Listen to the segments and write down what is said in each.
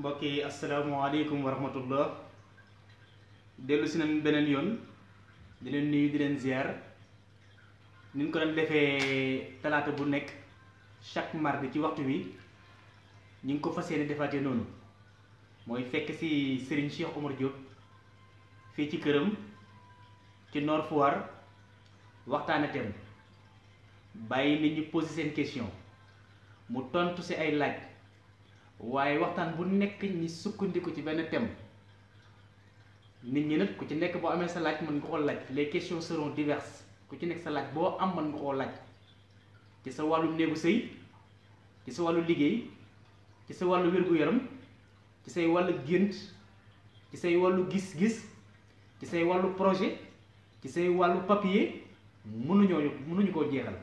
mbokk yi asalaamaaleykum wa rahmatullah dellu si nañ beneen yoon di leen nuyu di leen ziar ni ñu ko doon defee talaata bu nekk chaque mardi ci waxtu wi ñu ngi ko fas yéene defaatee noonu mooy fekk si Serigne Cheikh Omar Diop fii ci këram ci Nord Foire waxtaane thème bàyyi nit ñi poser seen question mu tontu si ay laaj. waaye waxtaan bu nekk ñi sukkandiku ci benn thème nit ñi nag ku ci nekk boo amee sa laaj mën nga koo laaj les question seront diverses ku ci nekk sa laaj boo am man nga koo laaj ci sa wàllu néegu sëy ci sa wàllu liggéey ci sa wàllu wér-gu-yaram ci say wàllu gént ci say wàllu gis-gis ci say wàllu projet ci say wàllu papier mënuñoo mënuñu koo jeexal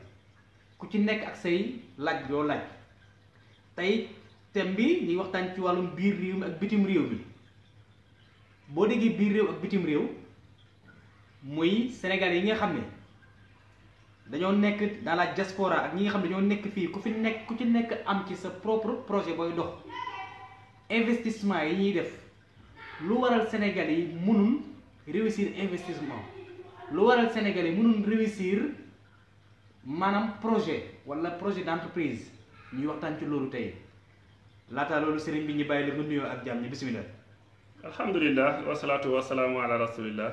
ku ci nekk ak say laaj yoo laaj tey thème bi ñuy waxtaan ci wàllum biir réew mi ak bitim réew mi boo déggee biir réew ak bitim réew muy Sénégal yi nga xam ne dañoo nekk dans la diaspora ak ñi nga xam ne dañoo nekk fii ku fi nekk ku ci nekk am ci sa propre projet booy dox investissement yi ñuy def lu waral Sénégal yi mënul réussir investissement lu waral Sénégal yi mënul réussir maanaam projet wala projet d'entreprise ñuy waxtaan ci loolu tey laataa loolu sëriñ bi ñu bàyyi la nga nuyoo ak jàmm ñi bisimilah. alhamdulilah wasalaatu wasalaamu ala rasulillah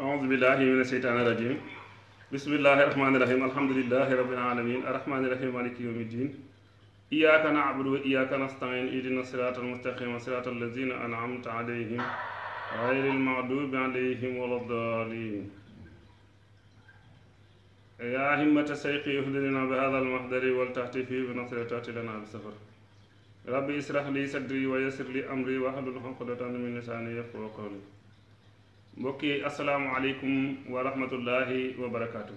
aoudu billahi min asheytaani rajim bismillahi rahmaani rahim alhamdulilahi rabbil alamin arrahmaani rahim maliki yawmi din iyaaka naabudu wa iyaaka nastain idina siraata almustaqima siraata allazina anamta alayhim gayri almagdubi alayhim wala dalin yaa himmata sayqi ihdilina bi hada almahdari waltahti fi bi nasri tahti lana bi safar rabbi israh li sadri wa yassir li amri wahlul uqdatan min lisani yëpp qawli mbokk yi asalaamaaleykum wa rahmatullahi wa barakaatu.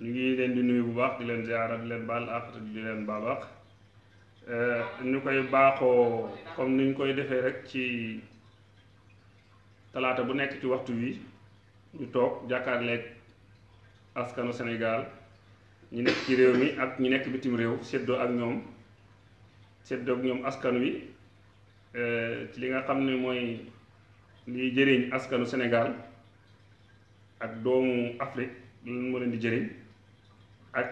ñu ngi leen di nuyu bu baax di leen ziara di leen baal leen baal àq eh, ñu koy baaxoo comme ni ñu koy defee rek ci talaata bu nekk ci waxtu wi ñu toog jàkkaarleeg askanu Sénégal ñu nekk ci réew mi ak ñu nekk bitim réew seddoo ak ñoom. seddoog ñoom askan wi eh, ci li nga xam ni mooy liy jëriñ askanu Sénégal ak doomu Afrique lan moo leen di jëriñ ak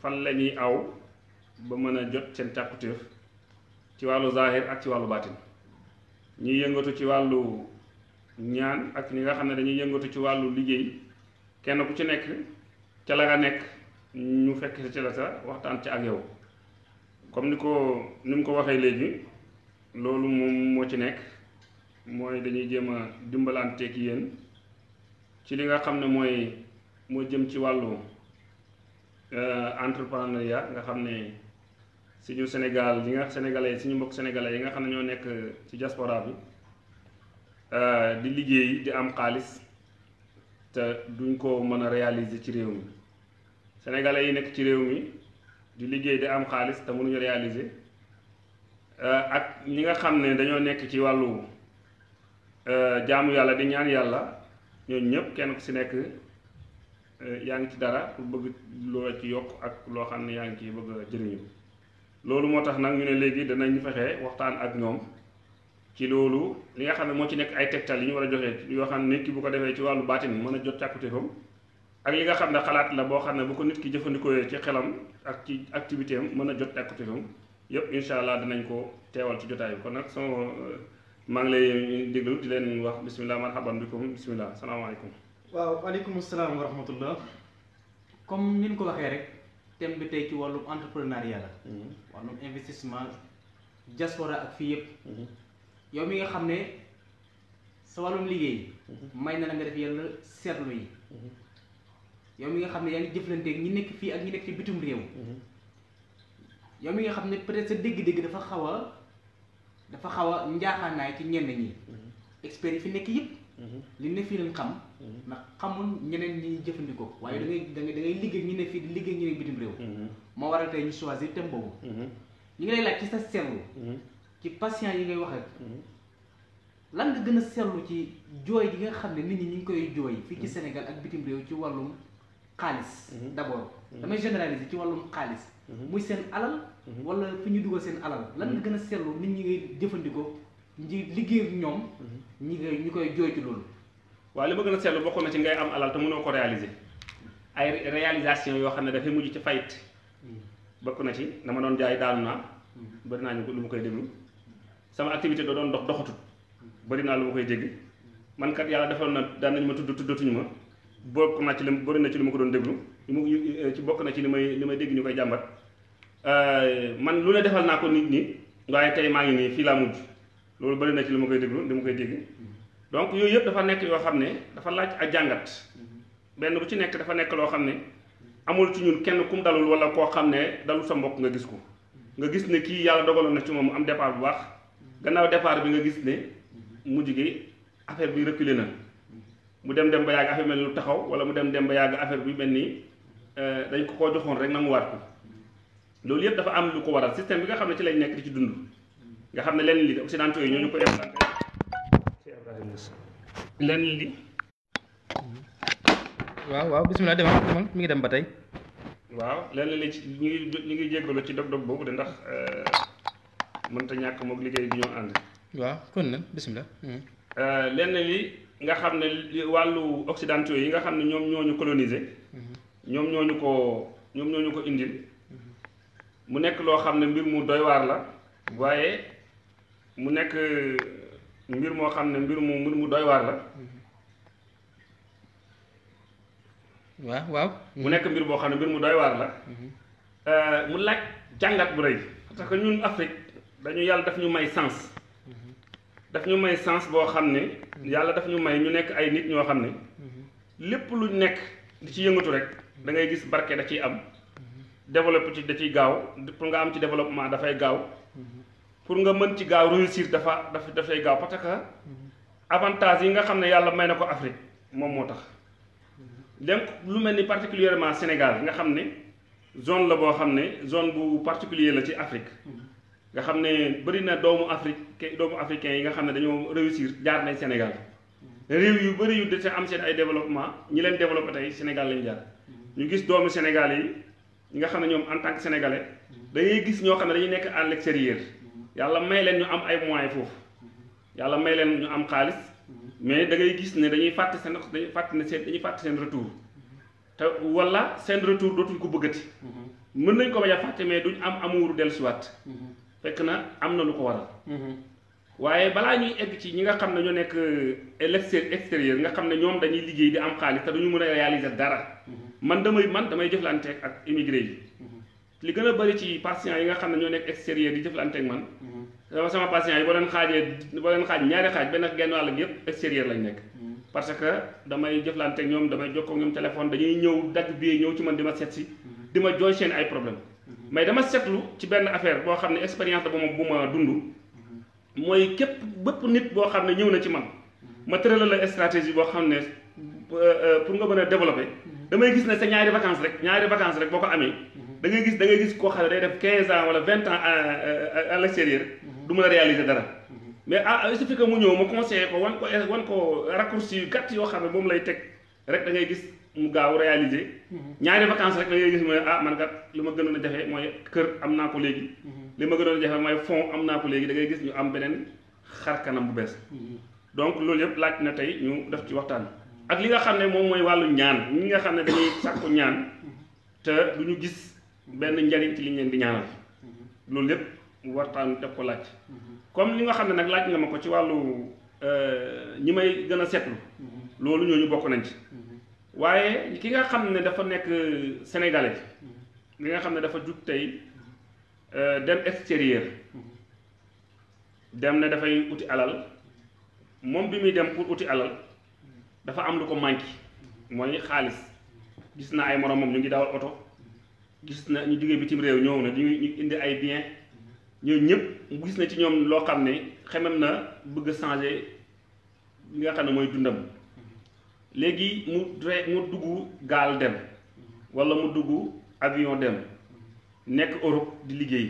fan lañuy aw ba mën a jot seen càkkutéef ci wàllu zahir ak ci wàllu baatin ñuy yëngatu ci wàllu ñaan ak ñi nga xam ne dañuy yëngatu ci wàllu liggéey kenn ku ci nekk ca la nga nekk ñu fekk ci la sa waxtaan ci ak yow comme ni ko ni mu ko waxee léegi loolu moom moo ci nekk mooy dañuy jéem a dimbalanteeg yéen ci li nga xam ne mooy moo jëm ci wàllu euh, entrepreneuriat nga xam ne suñu Sénégal yi nga sénégalais suñu mbokk sénégalais yi nga xam ne ñoo nekk ci diaspora bi euh, di liggéey di am xaalis te duñ ko mën a réaliser ci réew mi sénégalais yi nekk ci réew mi. di liggéey di am xaalis te mënuñu réaliser euh, ak ñi nga xam ne dañoo nekk ci wàllu euh, jaamu yàlla di ñaan yàlla ñooñu ñëpp kenn ku si nekk euh, yaa ngi ci dara pour bëgg loo ci yokk ak loo xam ne yaa ngi ci bëgg a jëriñu loolu moo tax nag ñu ne léegi danañ fexe waxtaan ak ñoom ci loolu li nga xam ne moo ci nekk ay tegtal yi ñu war a joxe yoo xam ne nit ki bu ko defee ci wàllu baatin mën a jot càkkutéefam ak li nga xam ne xalaat la boo xam ne bu ko nit ki jëfandikoo ci xelam ak ci activité am mën a jot ekotifam yëpp incha allah dinañ ko teewal ci jotaay kon nag soo euh, maa ngi lay déglu di leen wax bisimilah marhaban bikum bisimilah salaamaaleykum. waaw aleykum salaam wa rahmatullah comme ni ko waxee rek thème bi tey ci wàllum entrepreneuriat la. Mhm. wàllum investissement diaspora ak fii yëpp. Mhm. yow mi nga xam ne sa wàllum liggéey. Mhm. may na la seetlu yi. yow mi nga xam ne yaa ngi jëflanteeg ñi nekk fii ak ñi nekk ci bitum réew. yow mi nga xam ne peut-être sa dégg-dégg dafa xaw a dafa xaw a njaaxaanaay ci ñenn ñi. experts yi fi nekk yi li ne xam. ndax ñeneen ñi jëfandikoo. waaye da da ngay liggéey ñu ne fii liggéey ñu ne bitim réew. moo waral tey ñu choisir thème boobu. ñu ngi lay laaj ci sa seetlu. ci patient yi ngay wax ak. lan nga gën a seetlu ci jooy yi nga xam ne nit ñi ñu ngi koy jooy. fii ci Sénégal ak bitim réew ci wàllum. xaalis mhm. d'abord mhm. damay généraliser ci wàllum xaalis mhm. muy seen alal wala fi ñu dugal seen alal lan nga gën a seetlu nit ñi ngay jëfandikoo ñi liggéey ak ñoom ñi ngay ñu koy jooju loolu waaw li ma gën a seetlu bokk na ci ngay am alal te mënoo ko réaliser ay réalisation yoo xam ne dafay mujj ci fayit bokk na ci dama doon jaay daanu naa bëri naa ñu lu ma koy déglu sama activité doo doon dox doxatut bëri naa lu ma koy dégg man kat yàlla defal na daan nañu ma tudd tuddatuñu ma bokk na ci li bëri na ci li ma ko doon déglu li ma ci bokk na ci li may li may dégg ñu koy jàmbat euh, man lu ne defal naa ko nit ñi waaye tey maa ngi nii fii laa mujj loolu bëri na ci li ma koy déglu li ma koy dégg donc yooyu yëpp dafa nekk yoo xam ne dafa laaj ak jàngat benn bu ci nekk dafa nekk loo xam ne amul ci ñun kenn kum dalul wala koo xam ne dalul sa mbokk nga gis ko nga gis ne kii yàlla dogaloon na ci moom am départ bu baax gannaaw départ bi nga gis ne mujj gi affaire bi reculé na. mu dem dem ba yàgg affaire bi mel lu taxaw wala mu dem dem ba yàgg affaire bi mel ni euh, dañ ko koo joxoon rek nanguwaat ko loolu yëpp dafa am lu ko waral système bi nga xam ne ci lañ nekk di ci dund nga xam ne lenn li occidentaux ñu ko implanté lenn li waaw waaw bisimilah demal demal mi ngi dem ba tey waaw lenn li ci ñu ngi ñu ngi jéggalu ci dog-dog boobu de ndax euh, mënta ñàkk moog liggéey bi ñoo ànd waaw kon nag bisimilah hmm. euh, lenn li nga xam ne wàllu occidentaux yi nga xam ne ñoom ñoo ñu coloniser ñoom ñoo ñu ko ñoom ñoo ko indil mu nekk loo xam ne mbir mu doy waar la waaye mu nekk mbir moo xam ne mbir mu mbir doy waar la. waaw waaw. mu nekk mbir boo xam ne mbir mu doy waar la. Mm-hmm. Euh, mu laaj jàngat bu rëy. parce ñun Afrique dañu yàlla daf ñu may sens. daf ñu may sens boo xam ne yàlla dafa ñu may ñu nekk ay nit ñoo xam ne lépp lu nekk di ci yëngatu rek dangay gis barke da ciy am développé ci da ciy gaaw pour nga am ci développement dafay gaaw pour nga mën ci gaaw réussir dafa daf dafay gaaw parce que avantage yi nga xam ne yàlla may na ko Afrique moom moo tax donc lu mel ni particulièrement Sénégal nga xam ne zone la boo xam ne zone bu particulier la ci Afrique nga xam ne bëri na doomu Afrique doomu africain yi nga xam ne dañoo réussir jaar nañ Sénégal réew yu bëri yu de am seen ay développement ñi leen développé tey Sénégal lañ jaar ñu gis doomu Sénégal yi nga xam ne ñoom en tant que sénégalais dañuy gis ñoo xam ne dañu nekk à l'extérieur yàlla may leen ñu am ay moyens foofu yàlla may leen ñu am xaalis mais da ngay gis ne dañuy fàtte seen dañuy fàtte ne seen dañuy fàtte seen retour te wala seen retour dootuñ ko bëggati mën nañ ko bañ a fàtte mais duñ am amuuru dellusiwaat fekk na am na ko waral waaye balaa ñuy egg ci ñi nga xam ne ñoo nekk euh, extérieur nga xam ne ñoom dañuy liggéey di am xaalis te duñu mën a réaliser dara mm-hmm. man damay man damay jëflanteeg ak immigré yi mm-hmm. li gën a bëri ci patient yi nga xam ne ñoo nekk extérieur di jëflanteeg man mm-hmm. sama sama patient yi boo leen xaajee boo leen xaaj ñaari xaaj benn genn wàll gi yëpp extérieur lañ nekk parce que damay jëflanteeg ñoom damay jokkoo ñoom téléphone dañuy ñëw dagg bi ñëw ci man di ma seet si di ma seen ay problème mais dama seetlu ci benn affaire boo xam ne expérience la bu ma ma dund mooy képp bëpp nit boo xam ne ñëw na ci man ma tëralal la stratégie boo xam ne euh, euh, pour nga mën a développer damay gis ne sa ñaari vacances rek ñaari vacances rek boo ko amee da ngay gis da ngay gis koo xam ne day def quinze ans wala 20 ans à l'extérieur du mën a réaliser dara mais a ah, il suffit que mu ñëw ma conseiller ko wan ko wan ko raccourci yu gàtt yoo xam ne moom lay teg rek dangay gis mu gaaw réaliser mhm. ñaari vacances rek da gis mooy ah man kat li ma gën a jafe mooy kër am naa ko léegi mhm. li ma gënoon a jafe mooy fon am naa ko léegi dangay gis ñu am beneen xar kanam bu bees mhm. donc loolu yëpp laaj na tey ñu def ci waxtaan ak li nga xam ne moom mooy wàllu ñaan ñi nga xam ne dañuy sàkku ñaan te du ñu gis benn njariñ ci li ñu di ñaanal loolu yëpp waxtaan def ko laaj comme li nga xam ne nag laaj nga ma ko ci wàllu euh, ñi may gën a seetlu loolu ñooñu bokk nañ ci waaye ki nga xam ne dafa nekk sénégalais li nga xam ne dafa jug tey euh, dem extérieur dem ne dafay uti alal moom bi muy dem pour uti alal dafa am lu ko manqué mooy xaalis gis na ay moromam ñu ngi dawal oto gis na ñu jógee bitim réew ñëw na ñu ñu indi ay bien ñooñu ñëpp gis na ci ñoom loo xam ne xemem na bëgg a changer nga xam ne mooy dundam léegi mu mu dugg gaal dem walla mu dugg avion dem nekk Europe di liggéey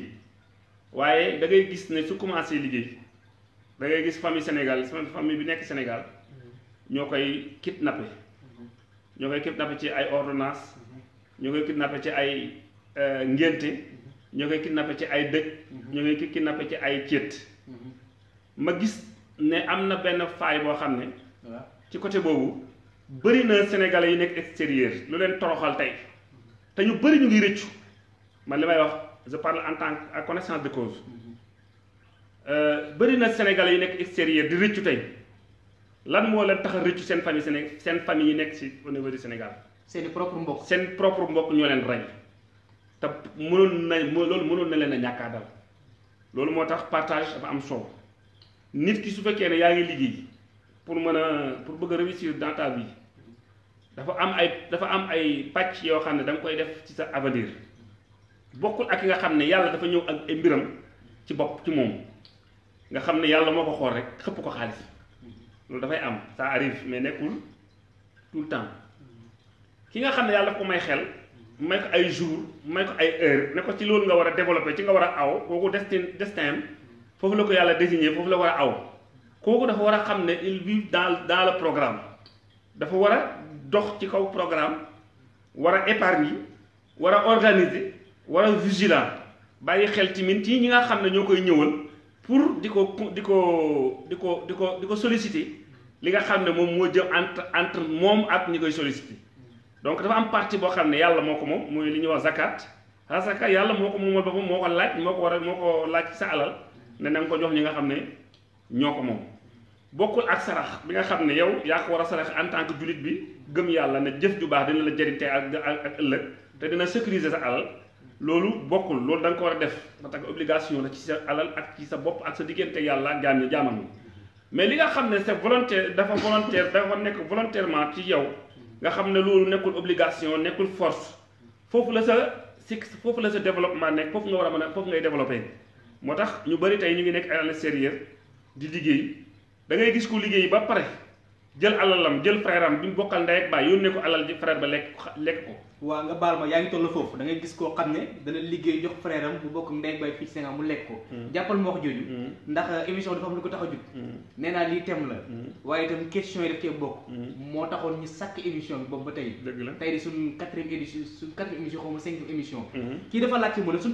waaye da gis ne su commencé liggéey dangay gis famille Sénégal famille bi nekk Sénégal ñoo koy kidnappé ñoo koy kidnappé ci ay ordonnance ñoo koy kidnappé ci ay euh, ngénte ñoo koy kidnappé ci ay dëj ñoo koy kidnappé ci ay céet ma gis ne am na benn faay boo xam ne ci côté boobu bëri na sénégalais yi nekk extérieur lu leen toroxal tey te ñu bëri ñu ngi rëccu man li may wax je parle en tant que connaissance de cause euh, bëri na sénégalais yi nekk extérieur di rëccu tey lan moo leen tax a rëccu seen famille Séné seen famille yi nekk ci au niveau du Sénégal. seen propre mbokk seen propre mbokk ñoo leen rey te mënoon na loolu mënoon na leen a ñàkkaa dal loolu moo tax partage dafa am solo nit ki su fekkee ne yaa ngi liggéey pour mën a pour bëgg a réussir dans ta vie. dafa am ay dafa am ay pàcc yoo xam ne danga koy def ci sa avenir bokkul ak ki nga xam ne yàlla dafa ñëw ak ay mbiram ci bopp ci moom nga xam ne yàlla moo ko xool rek xëpp ko xaalis loolu dafay am ça arrive mais nekkul tout le temps ki nga xam ne yàlla dafa ko may xel may ko ay jour may ko ay heure ne ko ci loolu nga war a développer ci nga war a aw kooku destin destin foofu la ko yàlla désigné foofu la war a aw kooku dafa war a xam ne il bi daal dans programme dafa dox ci kaw programme war a épargner war a organiser war a bàyyi xel tamit ci ñi nga xam ne ñoo koy ñëwal pour di ko di ko di ko di ko di ko solliciter li nga xam ne moom moo jëm entre entre moom ak ñi koy solliciter donc dafa am partie boo xam ne yàlla moo ko moom mooy li ñuy wax zakat asaka ah, yàlla moo ko moomal boppam moo ko laaj moo ko war a moo ko laaj sa alal ne na nga ko jox ñi nga xam ne ñoo ko moom bokkul ak sarax bi nga xam ne yow yaa ko war a sarax en tant que bi gëm yàlla ne jëf ju baax dina la jëriñ tey ak ak ëllëg te dina sécuriser sa alal loolu bokkul loolu da nga ko war a def parce que obligation la ci sa alal ak ci sa bopp ak sa diggante yàlla ak jaam ñi jaamam yi mais li nga xam ne c'est volontaire dafa volontaire dafa nekk volontairement ci yow nga xam ne loolu nekkul obligation nekkul force foofu la sa si foofu la sa développement nekk foofu nga war a mën a foofu ngay développé moo tax ñu bëri tey ñu ngi nekk ay à di liggéey da gis ko liggéey ba pare. jël alalam jël frère am bi mu bokkal ndey ak baay yónnee ko alal ji ba lekk ko. waaw nga baal ma yaa ngi toll foofu da gis koo xam ne dana liggéey jox frère am bu bokk ndey ak baay fii ci ko. Hmm. jàppal ma wax jooju. Hmm. ndax euh, émission ko tax a jug. Hmm. nee naa lii thème la. waaye itam question yi daf cee bokk. moo taxoon ñu sàkk émission bi boobu ba tey. ne suñu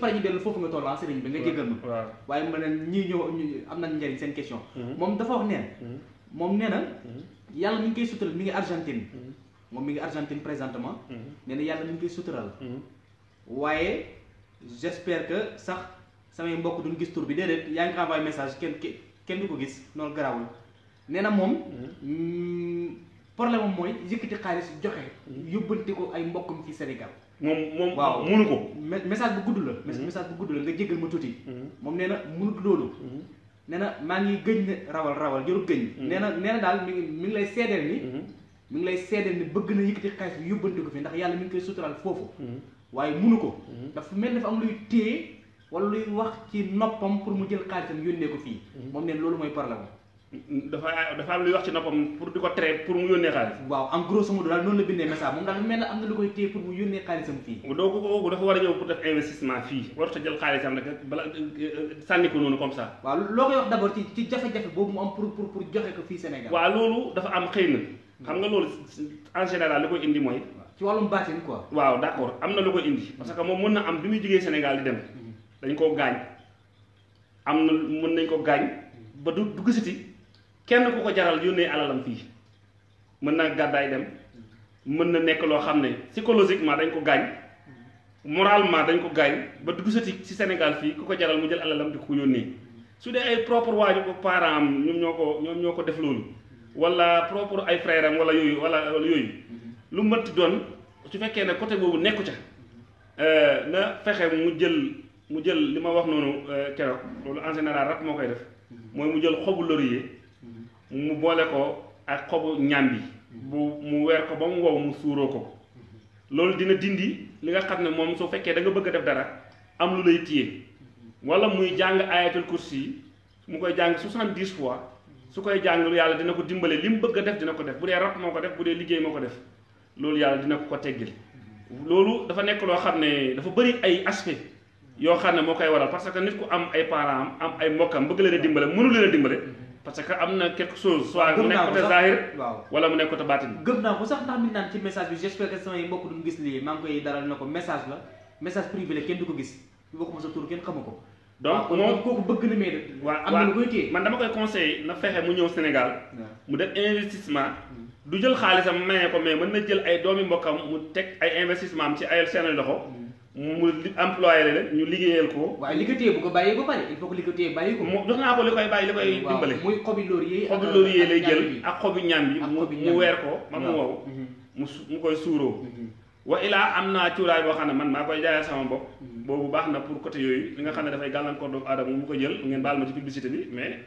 paree ñu dellu foofu nga toll ah sëriñ bi nga jégal ma. waaw waaye mu ne ñii ñoo am nañu njëriñ seen question. moom dafa wax neen moom nee na yàlla mi ngi koy sutural mi ngi Argentine. Hmm. moom mi ngi Argentine présentement. Hmm. nee na yàlla mi ngi koy sutural. Hmm. waaye j'espère que sax samay mbokk duñ gis tur bi déedéet yaa ngi envoyé message kenn kenn du ko gis noonu garaawul nee na moom. problème am mooy yëkkati xaalis joxe. yóbbante ko ay mbokkam ci Sénégal. moom moom waaw mënu ko. message bu gudd la. message bu gudd la nga jéggal ma tuuti. moom nee na loolu. nee na maa ngi gëñ ne rawal rawal jarul gëñ. Mm-hmm. nee na daal mi ngi mi ngi lay seedeel ni. Mm-hmm. mi ngi lay seedeel ni bëgg na yëkkati xaalis bi yóbbante ko fi ndax yàlla mi ngi koy suturaal foofu. Mm-hmm. waaye munu ko. dafa mel dafa am luy téye wala luy wax ci noppam pour mu jël xaalisam yónnee ko fii. moom neen loolu mooy problème dafa dafa am luy wax ci noppam pour di daal noonu la bindee message moom daal mel na am na lu koy téye pour mu yónnee xaalisam fii. doo ko kooku dafa war a ñëw pour def investissement fii warut a jël xaalisam rek bala euh, euh, sànni ko noonu comme ça. waaw d' abord ci am loolu dafa am xëy na. xam nga loolu en général li koy indi mooy. ci wàllum baatin quoi. waaw d' accord am na lu koy indi. parce que moom mën na am bi muy jugee Sénégal di dem. Mhm. dañ koo gaañ am na mën nañ ko gaañ kenn ku ko jaral yónnee alalam fii mën naa gàddaay dem mën na nekk loo xam ne psychologiquement dañ ko gaañ moralement dañ ko gaañ ba du gisati ci Sénégal fii ku ko jaral mu jël alalam di ko yónnee su dee ay propre waaju ko parent am ñoom ñoo ko ñoom ñoo ko def loolu wala propre ay frère am wala yooyu wala yooyu lu mënti doon su fekkee ne côté boobu nekku ca euh, na fexe mu jël mu jël li ma wax noonu euh, keroog loolu en général moo koy def mooy mu jël xobu laurier mu boole ko ak xobu ñàmbi bu mu weer ko ba mu wow mu suuroo ko loolu dina dindi li nga xam ne moom soo fekkee da nga bëgg a def dara am lu lay téye wala muy jàng ayatul kursi mu koy jàng soixante-dix fois su koy jàng yàlla dina ko dimbale li mu bëgg a def dina ko def bu dee rab moo ko def bu dee liggéey moo ko def loolu yàlla dina ko ko teggil loolu dafa nekk loo xam ne dafa bëri ay aspect yoo xam ne moo koy waral parce que nit ku am ay parents am ay mbokkam bëgg leen a dimbale mënu dimbale parce que am na quelque chose soit mu nekk côté zahir wala mu nekk côté baatin gëm naa ko sax ndax mi naan ci message bi j'espère que samay mbokk duñ gis lii maa ngi koy daral na ko message la message privé la kenn du ko gis waxuma sa tur kenn xamu ko donc moom kooku bëgg na mais waaw am na lu koy téye man dama koy conseillé na fexe mu ñëw Sénégal mu def investissement mm. du jël xaalisam mayee ko mais mën na jël ay doomi mbokkam mu teg ay investissement am ci ay seen loxo mm. mu employé leen ñu liggéeyal ko. waaye li ko téye ko bàyyi ba pare li ko téye bàyyi ko. mu jox naa ko li koy bàyyi li koy dimbale. muy xobi laurier xobi laurier lay jël ak xobi ñam bi mu weer ko man mu wow mhm. mu su mu koy suuroo. Mhm. wa ilaa am naa cuuraay boo xam ne man maa koy jaayal sama bopp. Mhm. boobu baax na pour côté yooyu li nga xam ne dafay gàllankoor doomu aadama mu ko jël ngeen baal ma ci publicité bi mais.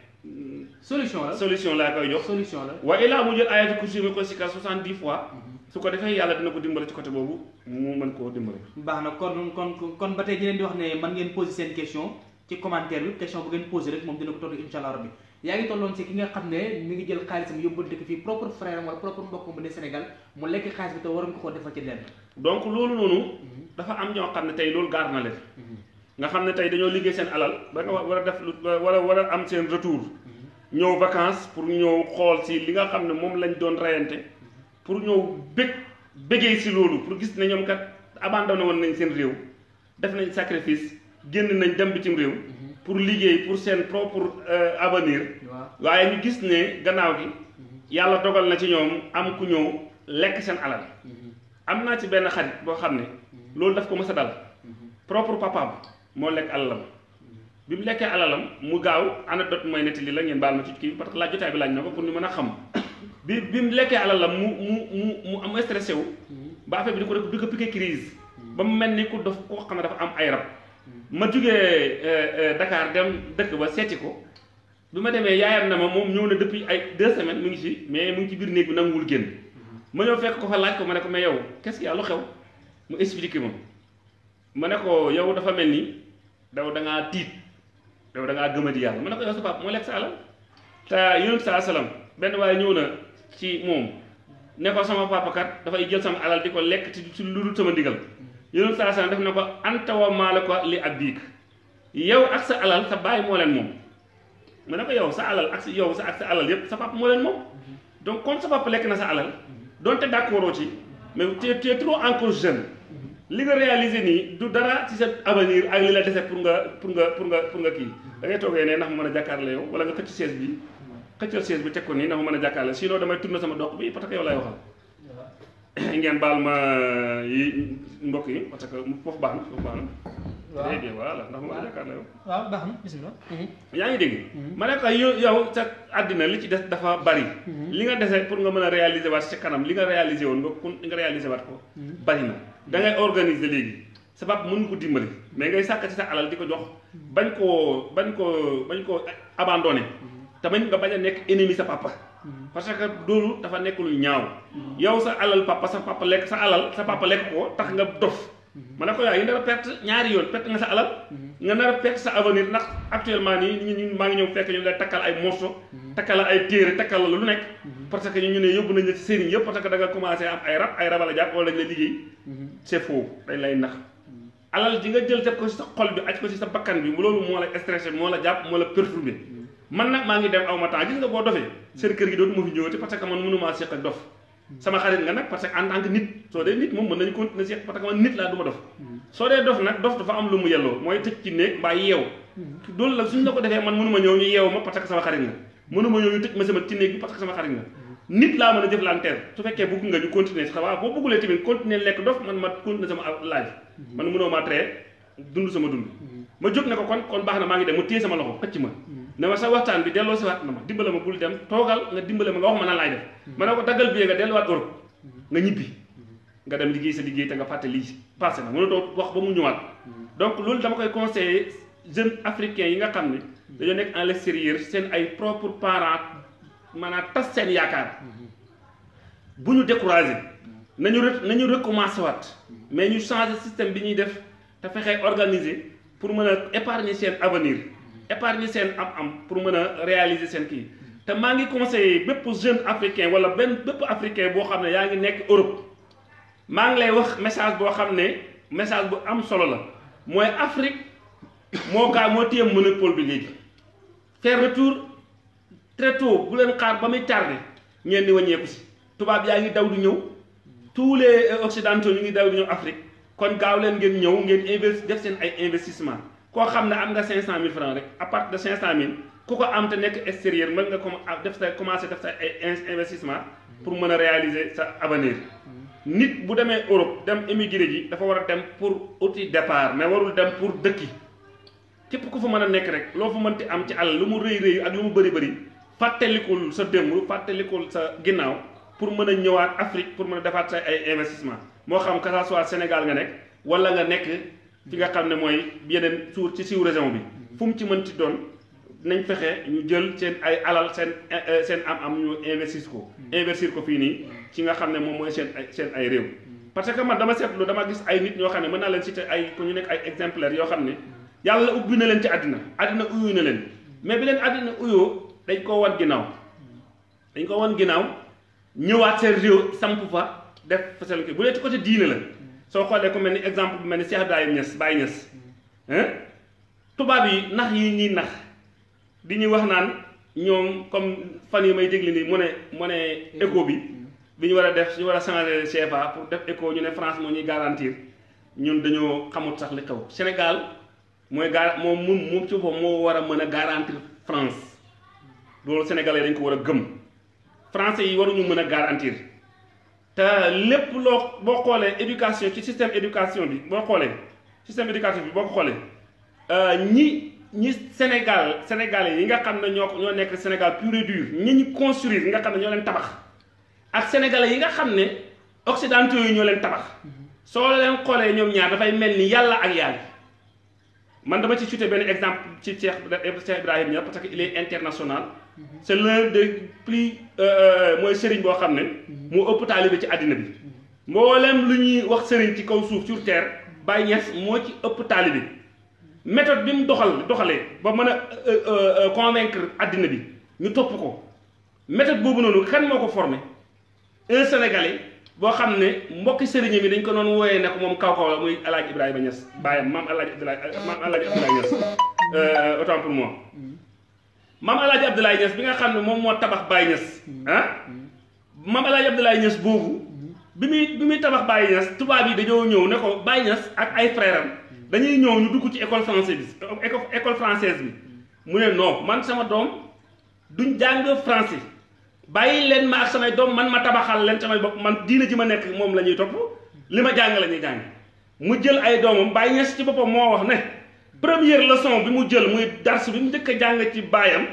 solution la solution laa koy jox. solution la wa ilaa mu jël ayatu kursi mu ko sikar soixante-dix fois. su ko defee yàlla dina ko dimbali ci côté boobu mu mën koo dimbale. baax na kon kon kon ba tey di di wax ne mën ngeen poser seen question ci commentaire bi question bu ngeen poser rek moom dina ko tontu incha allah rabbi yaa ngi tolloon si ki nga xam ne mi ngi jël xaalisam yóbbante ko fii propre frère am wala propre mbokkam bu ne ko koo defal ci lenn. donc loolu noonu. Mhm. dafa am ñoo xam ne tey loolu gaar na leen. Mhm. nga xam ne tey dañoo liggéey seen alal ba nga war a def wala war a am seen retour. Mhm. ñëw vacances pour ñëw xool si li nga xam ne moom lañ doon reyante pour ñëw bég bëggee si loolu pour gis ne ñoom kat abandonné woon nañ seen réew def nañ sacrifice génn nañ dem bitim réew. Mhm. pour liggéey pour seen propre euh, avenir. waaye ñu gis ne gannaaw gi. Mhm. yàlla dogal na ci ñoom am ku ñëw lekk seen alal. Mhm. am naa ci benn xarit boo xam ne. loolu daf ko mës a dal. propre papaam moo lekk alalam. bi mu lekkee alalam mu gaaw anecdote mooy nettali la baal ma ci kii parce que jotaay bi laaj na ko pour ñu mën a xam. bi bi mu lekkee la mu mu mu mu am stressé wu. Hmm. ba affaire bi di ko di ko piqué crise hmm. ba mu mel ni ku dof koo xam ne dafa am ay rab. Hmm. ma jugee euh, euh, Dakar dem dëkk ba seeti ko bi ma demee yaayam na ma moom ñëw na dëppi ay de semaine mu ngi ci mais mu ngi ci biir néeg bi nanguwul génn. ma ñëw fekk ko fa laaj ko ma ne ko ma yow qu'est-ce qu'il lu xew mu expliqué ma ma ne ko yow dafa mel ni daw da ngaa tiit daw da ngaa gëmadi yàlla ma ne ko yow sa papa lekk te yonent sa ci moom ne ko sama papa dafay jël sama alal di ko lekk ci ci lu sama ndigal yonent saa sallam def na ko anta wa maaluka li abiik yow ak sa alal sa baay moo leen moom mu ne ko yow sa alal ak si yow sa ak sa alal yépp sa papa moo leen moom donc comme sa papa lekk na sa alal donte d'accord ci mais tu es trop encore jeune li nga réalisé nii du dara ci sa avenir ak li la dese pour nga pour nga pour nga pour nga kii da ngay toogee ne ndax mu mën a jàkkaarloo yow wala nga xëcc chaise bi xëccal chaise bi teg ko nii na ma mën a jàkkaarloo sinon damay tourner sama dox bi parce que yow lay waxal ngeen baal ma euh, yi mbokk yi parce que foofu baax na foofu baax eh ndax ma mën yow. Mm-hmm. yaa ngi dégg. Mm-hmm. ma ne yow yow sa àddina li ci des dafa bari. Mm-hmm. li nga dese pour nga mën a réaliser waat ci kanam li nga réaliser woon nga kun nga réaliser waat ko. bari na da ngay léegi. sabab mën ko dimbali mais ngay sàkk ci sa alal di ko jox bañ koo bañ koo bañ koo abandonné. tamit nga bañ a nekk ennemi sa papa. Mm-hmm. parce que loolu dafa nekk lu ñaaw. Mm-hmm. yow sa alal papa sa papa lekk sa alal sa papa lekk ko tax nga dof. Mm-hmm. ma ne ko yaa ngi nar a ñaari yoon perte nga sa alal. nga nar a perte sa avenir ndax actuellement nii ñu ñu maa ngi ñëw fekk ñu lay takkal ay morceau. takkal ay téere takkal la lu nekk. parce que ñu ne yóbbu nañ la ci sëriñ yëpp parce que da nga am ay rab ay rab a jàpp wala dañ la liggéey. c'est faux dañ lay nax. alal ji nga jël def sa xol bi aj sa bakkan bi loolu moo la stressé moo la jàpp moo la perturbé. man nag maa ngi dem aw ma gis nga boo dofee seen kër gi dootuma fi ñëwati parce que man mënumaa séq ak dof sama xarit nga nag parce que en nit soo dee nit moom mën nañu continuer séq dof am lu mu yelloo mooy tëj ci la suñu ko defee man mënuma ñëw ñu yeew ma parce que sama xarit nga ma sama ci néeg bi nit laa mën a jëflanteel su fekkee bëgg nga ñu continuer sa waaw boo bëggulee tamit continuer lekk dof man ma continuer sama laaj man mënoo maa dund sama dund ma jóg ne ko kon kon baax na maa ngi dem mu téye sama loxo xëcc ma ne ma sa waxtaan bi delloo si waat na ma dimbale ma bul dem toogal nga dimbale ma nga wax ma nan laay def mm-hmm. ma ne ko daggal bi nga delluwaat Europe mm-hmm. nga ñibbi nga dem liggéey sa liggéey te nga fàtte lii passé na mënatoo wax ba mu ñëwaat mm-hmm. donc loolu dama koy conseiller jeunes africains yi nga xam ne dañoo nekk en l'extérieur seen ay propres parents maanaam tas seen yaakaar bu ñu découragé nañu re nañu recommencé waat mais ñu changer système bi ñuy def te fexee organiser pour mën a épargner seen avenir épargner seen am-am pour mën a réaliser seen kii te maa ngi conseiller bépp jeune africain wala benn bépp africain boo xam ne yaa ngi nekk Europe maa ngi lay wax message boo xam ne message bu am solo la mooy Afrique moo gaa moo téye monopole bi léegi faire retour très tôt bu leen xaar ba muy tardé ngeen di wàññeeku si tubaab yaa ngi daw di ñëw tous les occidentaux ñu ngi daw di ñëw Afrique kon gaaw leen ngeen ñëw ngeen investi def seen ay investissement koo xam ne am nga 500000 francs rek à partir de 500000 ku ko am te nekk extérieur mën nga com def sa commencé def sa ay investissement pour mën a réaliser sa avenir nit bu demee Europe dem émigré ji dafa war a dem pour outil départ mais warul dem pour dëkki képp ku fa mën a nekk rek loo fa ti am ci àll lu mu rëy rëy ak lu mu bëri bëri fàttalikul sa démb fàttalikul sa ginnaaw pour mën a ñëwaat Afrique pour mën a defaat sa ay investissement moo xam que ça soit Sénégal nga nekk wala nga nekk. ci nga xam ne mooy yeneen suur ci siw région bi fu mu ci mënti doon nañ fexe ñu jël seen ay alal seen euh, seen am-am ñu investir ko. investir ko fii nii ci nga xam ne moom mooy seen ay seen ay réew. parce que man dama seetlu dama gis ay nit ñoo xam ne mën naa leen citer ay ku ñu nekk ay exemplaires yoo xam ne yàlla ubbi na leen ci àddina àddina uyu na leen mais bi leen àddina uyoo dañ koo wan ginnaaw dañ ko wan ginnaaw ñëwaat seen réew samp fa def fa seen bu dee côté diine la. soo xoolee ku mel ni exemple bu mel ni Cheikh Ibrahima Niass Baye Niass tubaab yi nax yi ñuy nax di ñuy wax naan ñoom comme fan yi may déglu nii mu ne mu ne éco bi bi ñu war a def suñu war a changer CFA pour def ñu ne France moo ñuy garantir ñun dañoo xamut sax li xew Sénégal mooy gar moom moom moom ci boppam moo war a mën a garantir France loolu sénégalais dañ ko war a gëm français yi waruñu mën a garantir. te lépp loo boo xoolee éducation ci système éducation bi boo xoolee système éducation bi boo ko xoolee euh, ñi ñi Sénégal sénégalais yi nga xam ne ñoo ñoo nekk Sénégal pur et dur ñi ñu construire yi nga xam ne ñoo leen tabax ak sénégalais yi nga xam ne occidentaux yi ñoo leen tabax soo leen xoolee ñoom ñaar dafay mel ni yàlla ak yàlla man dama ci cité benn exemple ci Cheikh Cheikh Ibrahim Niass parce que il est international Mhm. c'est l'un des euh, mooy sëriñ boo xam ne mhm. moo ëpp taalibe ci àddina bi mhm. mboolem lu ñuy wax sëriñ ci kaw suuf sur terre Baye Niass moo ci ëpp taalibe méthode bi mu doxal doxalee ba mën a euh, euh, convaincre àddina bi ñu topp ko méthode boobu noonu kan moo ko formé un sénégalais boo xam ne mbokki sëriñam bi dañ ko doon wooyee ne ko moom kaw kaw la muy El Hadj Ibrahima Niass baayam maam El Hadj Abdoulaye maam El Hadj maam El Hadj Abdoulaye Niass bi nga xam ne moom moo tabax Baye Niass mm-hmm. ah maam El Hadj Abdoulaye boobu mm-hmm. bi muy bi muy tabax Baye Niass tubaab yi dañoo ñëw ne ko Baye Niass ak ay frère am mm-hmm. dañuy ñëw ñu dugg ci école française bi école française bi mu ne non man sama doom duñ jàng français bàyyi leen ma ak samay doom man ma tabaxal leen samay bopp man diina ji ma nekk moom la ñuy topp li ma jàng la ñuy jàng mu jël ay doomam Baye Niass ci boppam moo wax ne. première leçon bi mu jël muy dars bi mu njëkk a jàng ci baayam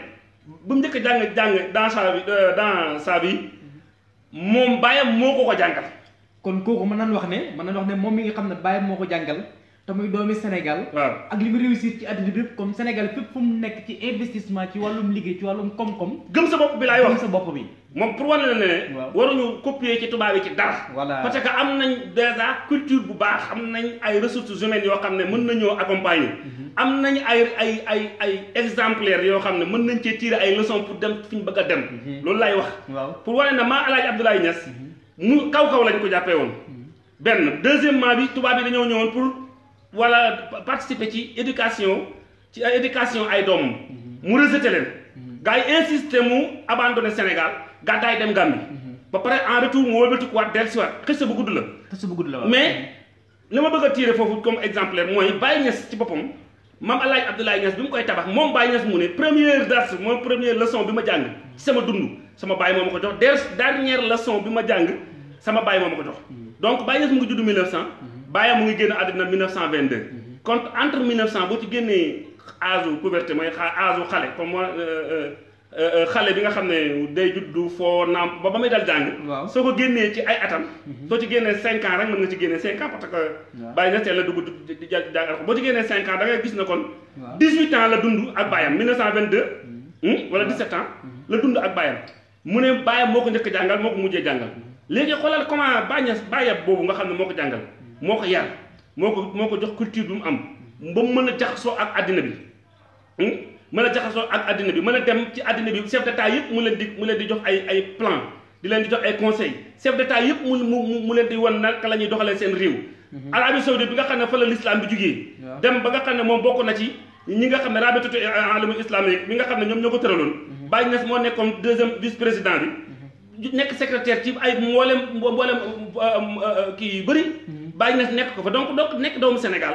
bi mu njëkk a jàng jàng dans sa vie euh, dans moom baayam moo ko ko jàngal. kon kooku mën naan wax ne mën nañu wax ne moom mi nga xam ne baayam moo ko jàngal. te muy doomi Sénégal. waaw ak li mu réussir ci àddina bi yëpp comme Sénégal fépp fu mu nekk ci investissement ci wàllum liggéey ci wàllum koom-koom. gëm sa bopp bi laay wax gëm sa bopp bi. moom pour wane la ne. waaw waruñu copier ci tubaab yi ci dara. bu baax am nañ ay ressources humaines yoo xam ne mën nañoo accompagner. Mhm. am nañ ay ay ay ay exemplaires yoo xam ne mën nañ cee tirer ay leçons pour dem fi ñu bëgg dem. Mhm. loolu laay wax. waaw pour wane na maa El Hadj Abdoulaye mu mhm. kaw kaw lañ ko jàppee woon. benn deuxièmement bi tubaab yi dañoo ñëwoon wala participer ci éducation ci éducation ay doomam mhm. mu rejeté leen mhm. gars yi mu abandonné Sénégal gàddaay dem Gambie mhm. ba pare en retour mu wëlbatikuwaat dellusiwaat xëcc bu gudd la xëcc bu gudd la mais li ma bëgg a tiire foofu comme exemplaire mooy Baye Niass ci boppam maam El Hadj Abdoulaye Niass bi mu koy tabax moom Baye Niass mu ne première dars mooy première leçon bi ma jàng ci sama dund sama baay moo ma ko jox der dernière leçon bi ma jàng sama baay moo ko jox donc Baye Niass mu ngi judd 1900 bàyyam mu ngi génn àddina 1922. Mhm. kon entre 1900 boo ci génnee âge puberté mooy âge xale comme moi euh, euh, euh, xale bi nga xam ne day juddu foo naam ba ba muy dal jàng. waaw soo ko génnee ci ay atam. Mhm. soo ci génnee 5 ans rek mën nga ci génnee 5 ans parce que. waaw bàyyi na teel a dugg di jàng boo ci génnee 5 ans da ngay gis na kon. waaw 18 ans la dund ak bàyyam 1922. Mhm. Hmm? wala 17 ans. la dund ak bàyyam mu ne bàyyam moo ko njëkk jàngal moo ko mujjee jàngal léegi xoolal comment bàyyi bàyyam boobu nga xam ne moo ko jàngal. moo ko yar moo ko moo ko jox culture bi mu am ba mu mën a jaxasoo ak addina bi hmm? mën a jaxasoo ak àddina bi mën a dem ci addina bi chef d'état yëpp mu leen di mu leen di jox ay ay plan di leen di jox ay conseil chef d'état yëpp mu mu mu leen di wan naka la ñuy doxalee seen réew mhm. Arabie Saoudite bi nga xam ne fa la l'islam bi jugee dem ba nga xam ne moom bokk na ci ñi nga xam ne rabitatu alamul islamique bi nga xam ne ñoom ñoo ko tëraloon mhm. Baye Niass moo nekkoon deuxième vice président bi mhm. nekk secrétaire ci ay mboolem mboolem euh, euh, kii yu bëri bàyyi na nekk ko fa donc donc nekk doomu Sénégal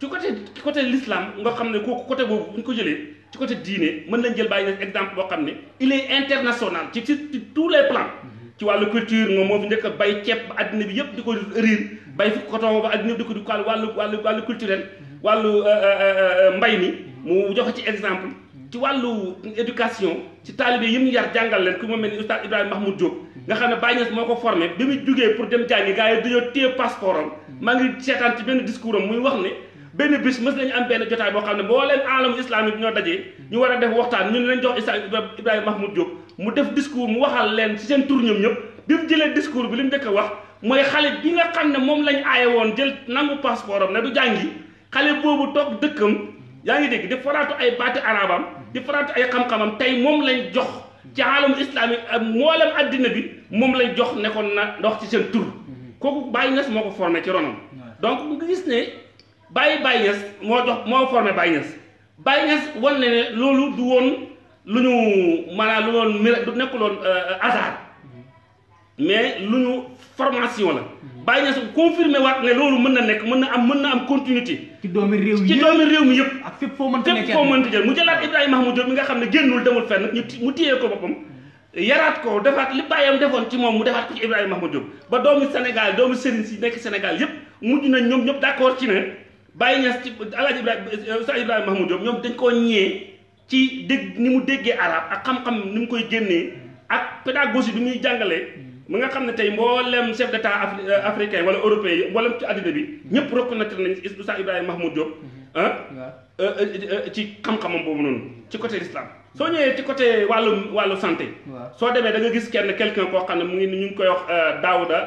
ci côté ci côté lislaam nga xam ne kooku côté boobu bu ñu ko jëlee ci côté diine mën nañ jël bàyyi na exemple boo xam ne il est international ci ci tous les plans mm-hmm. ci wàllu culture moom moo fi njëkk a bay ceeb ba àddina bi yëpp di ko riir mm-hmm. bay fi coton ba àddina bi di ko di ko wàllu wàllu wàllu culturel mm-hmm. wàllu euh, euh, euh, mbay mi mu jox ci exemple ci wàllu éducation ci taalibe yi mu yar jàngal leen ku ma mel ni oustaz Ibrahima Mahmoud Diop nga xam ne Baye moo ko formé bi mu jógee pour dem jàngi gars yi dañoo téye passeport am mm. maa ngi seetaan ci benn discours am muy wax ne benn bis mës nañu am benn jotaay boo xam ne boo leen alamu islam ñoo dajee mm. ñu a def waxtaan ñu ne leen jox islam Ibrahima Mahmoud Diop mu def discours mu leen ci seen tur ñoom ñëpp bi mu jëlee discours mu njëkk a wax mooy xale bi nga xam ne moom lañ aaye woon jël nangu passeport am ne du jàngi xale boobu toog dëkkam mm. yaa ngi dégg def faraatu ay baati araabam di farata ay xam-xamam tey moom lañ jox ci aalamu islamique ak mboolem addina bi moom lañ jox nekkoon na ndox ci seen tur kooku Baye Niass moo ko formé ci ronam donc nga gis ne Baye Baye Niass moo jox moo formé Baye Niass Baye Niass wan ne loolu du woon lu ñu maanaam lu woon mira du nekkuloon euh, euh, hasard mm-hmm. mais lu ñu formation la mm-hmm. bàyyi na su confirmé waat ne loolu mën na nekk mën na am mën na am continuité. ci doomi réew mi yëpp ci doomi réew mi yëpp. mu jëlaat Ibrahima Mahmoud Diop mi nga xam ne génnul demul fenn ñu mu téyee ko boppam. yaraat ko defaat li bàyyam defoon ci moom mu defaat ci Ibrahima Mahmoud Diop ba doomu Sénégal doomu Serigne si nekk Sénégal yëpp mujj nañ ñëpp d' ci ne Baye Niass ci Alaaji Ibrahima Oustaz euh, Ibrahima Mahmoud Diop ñoom dañ koo ñëwee ci dégg ni mu déggee arab ak xam-xam ni koy génnee ak pédagogie bi muy jàngalee mu nga xam ne tey mboolem chef d'état euh, africain wala européen yi mboolem ci àddina bi ñëpp reconnaître nañ Oustaz Ibrahima Mahmoud Diop mhm. euh, euh, ci xam-xamam boobu noonu ci côté l'islam soo ñëwee ci côté wàllu wàllu santé soo demee danga gis kenn quelqu'un koo xam ne mu ngi ñu ngi koy wax Daouda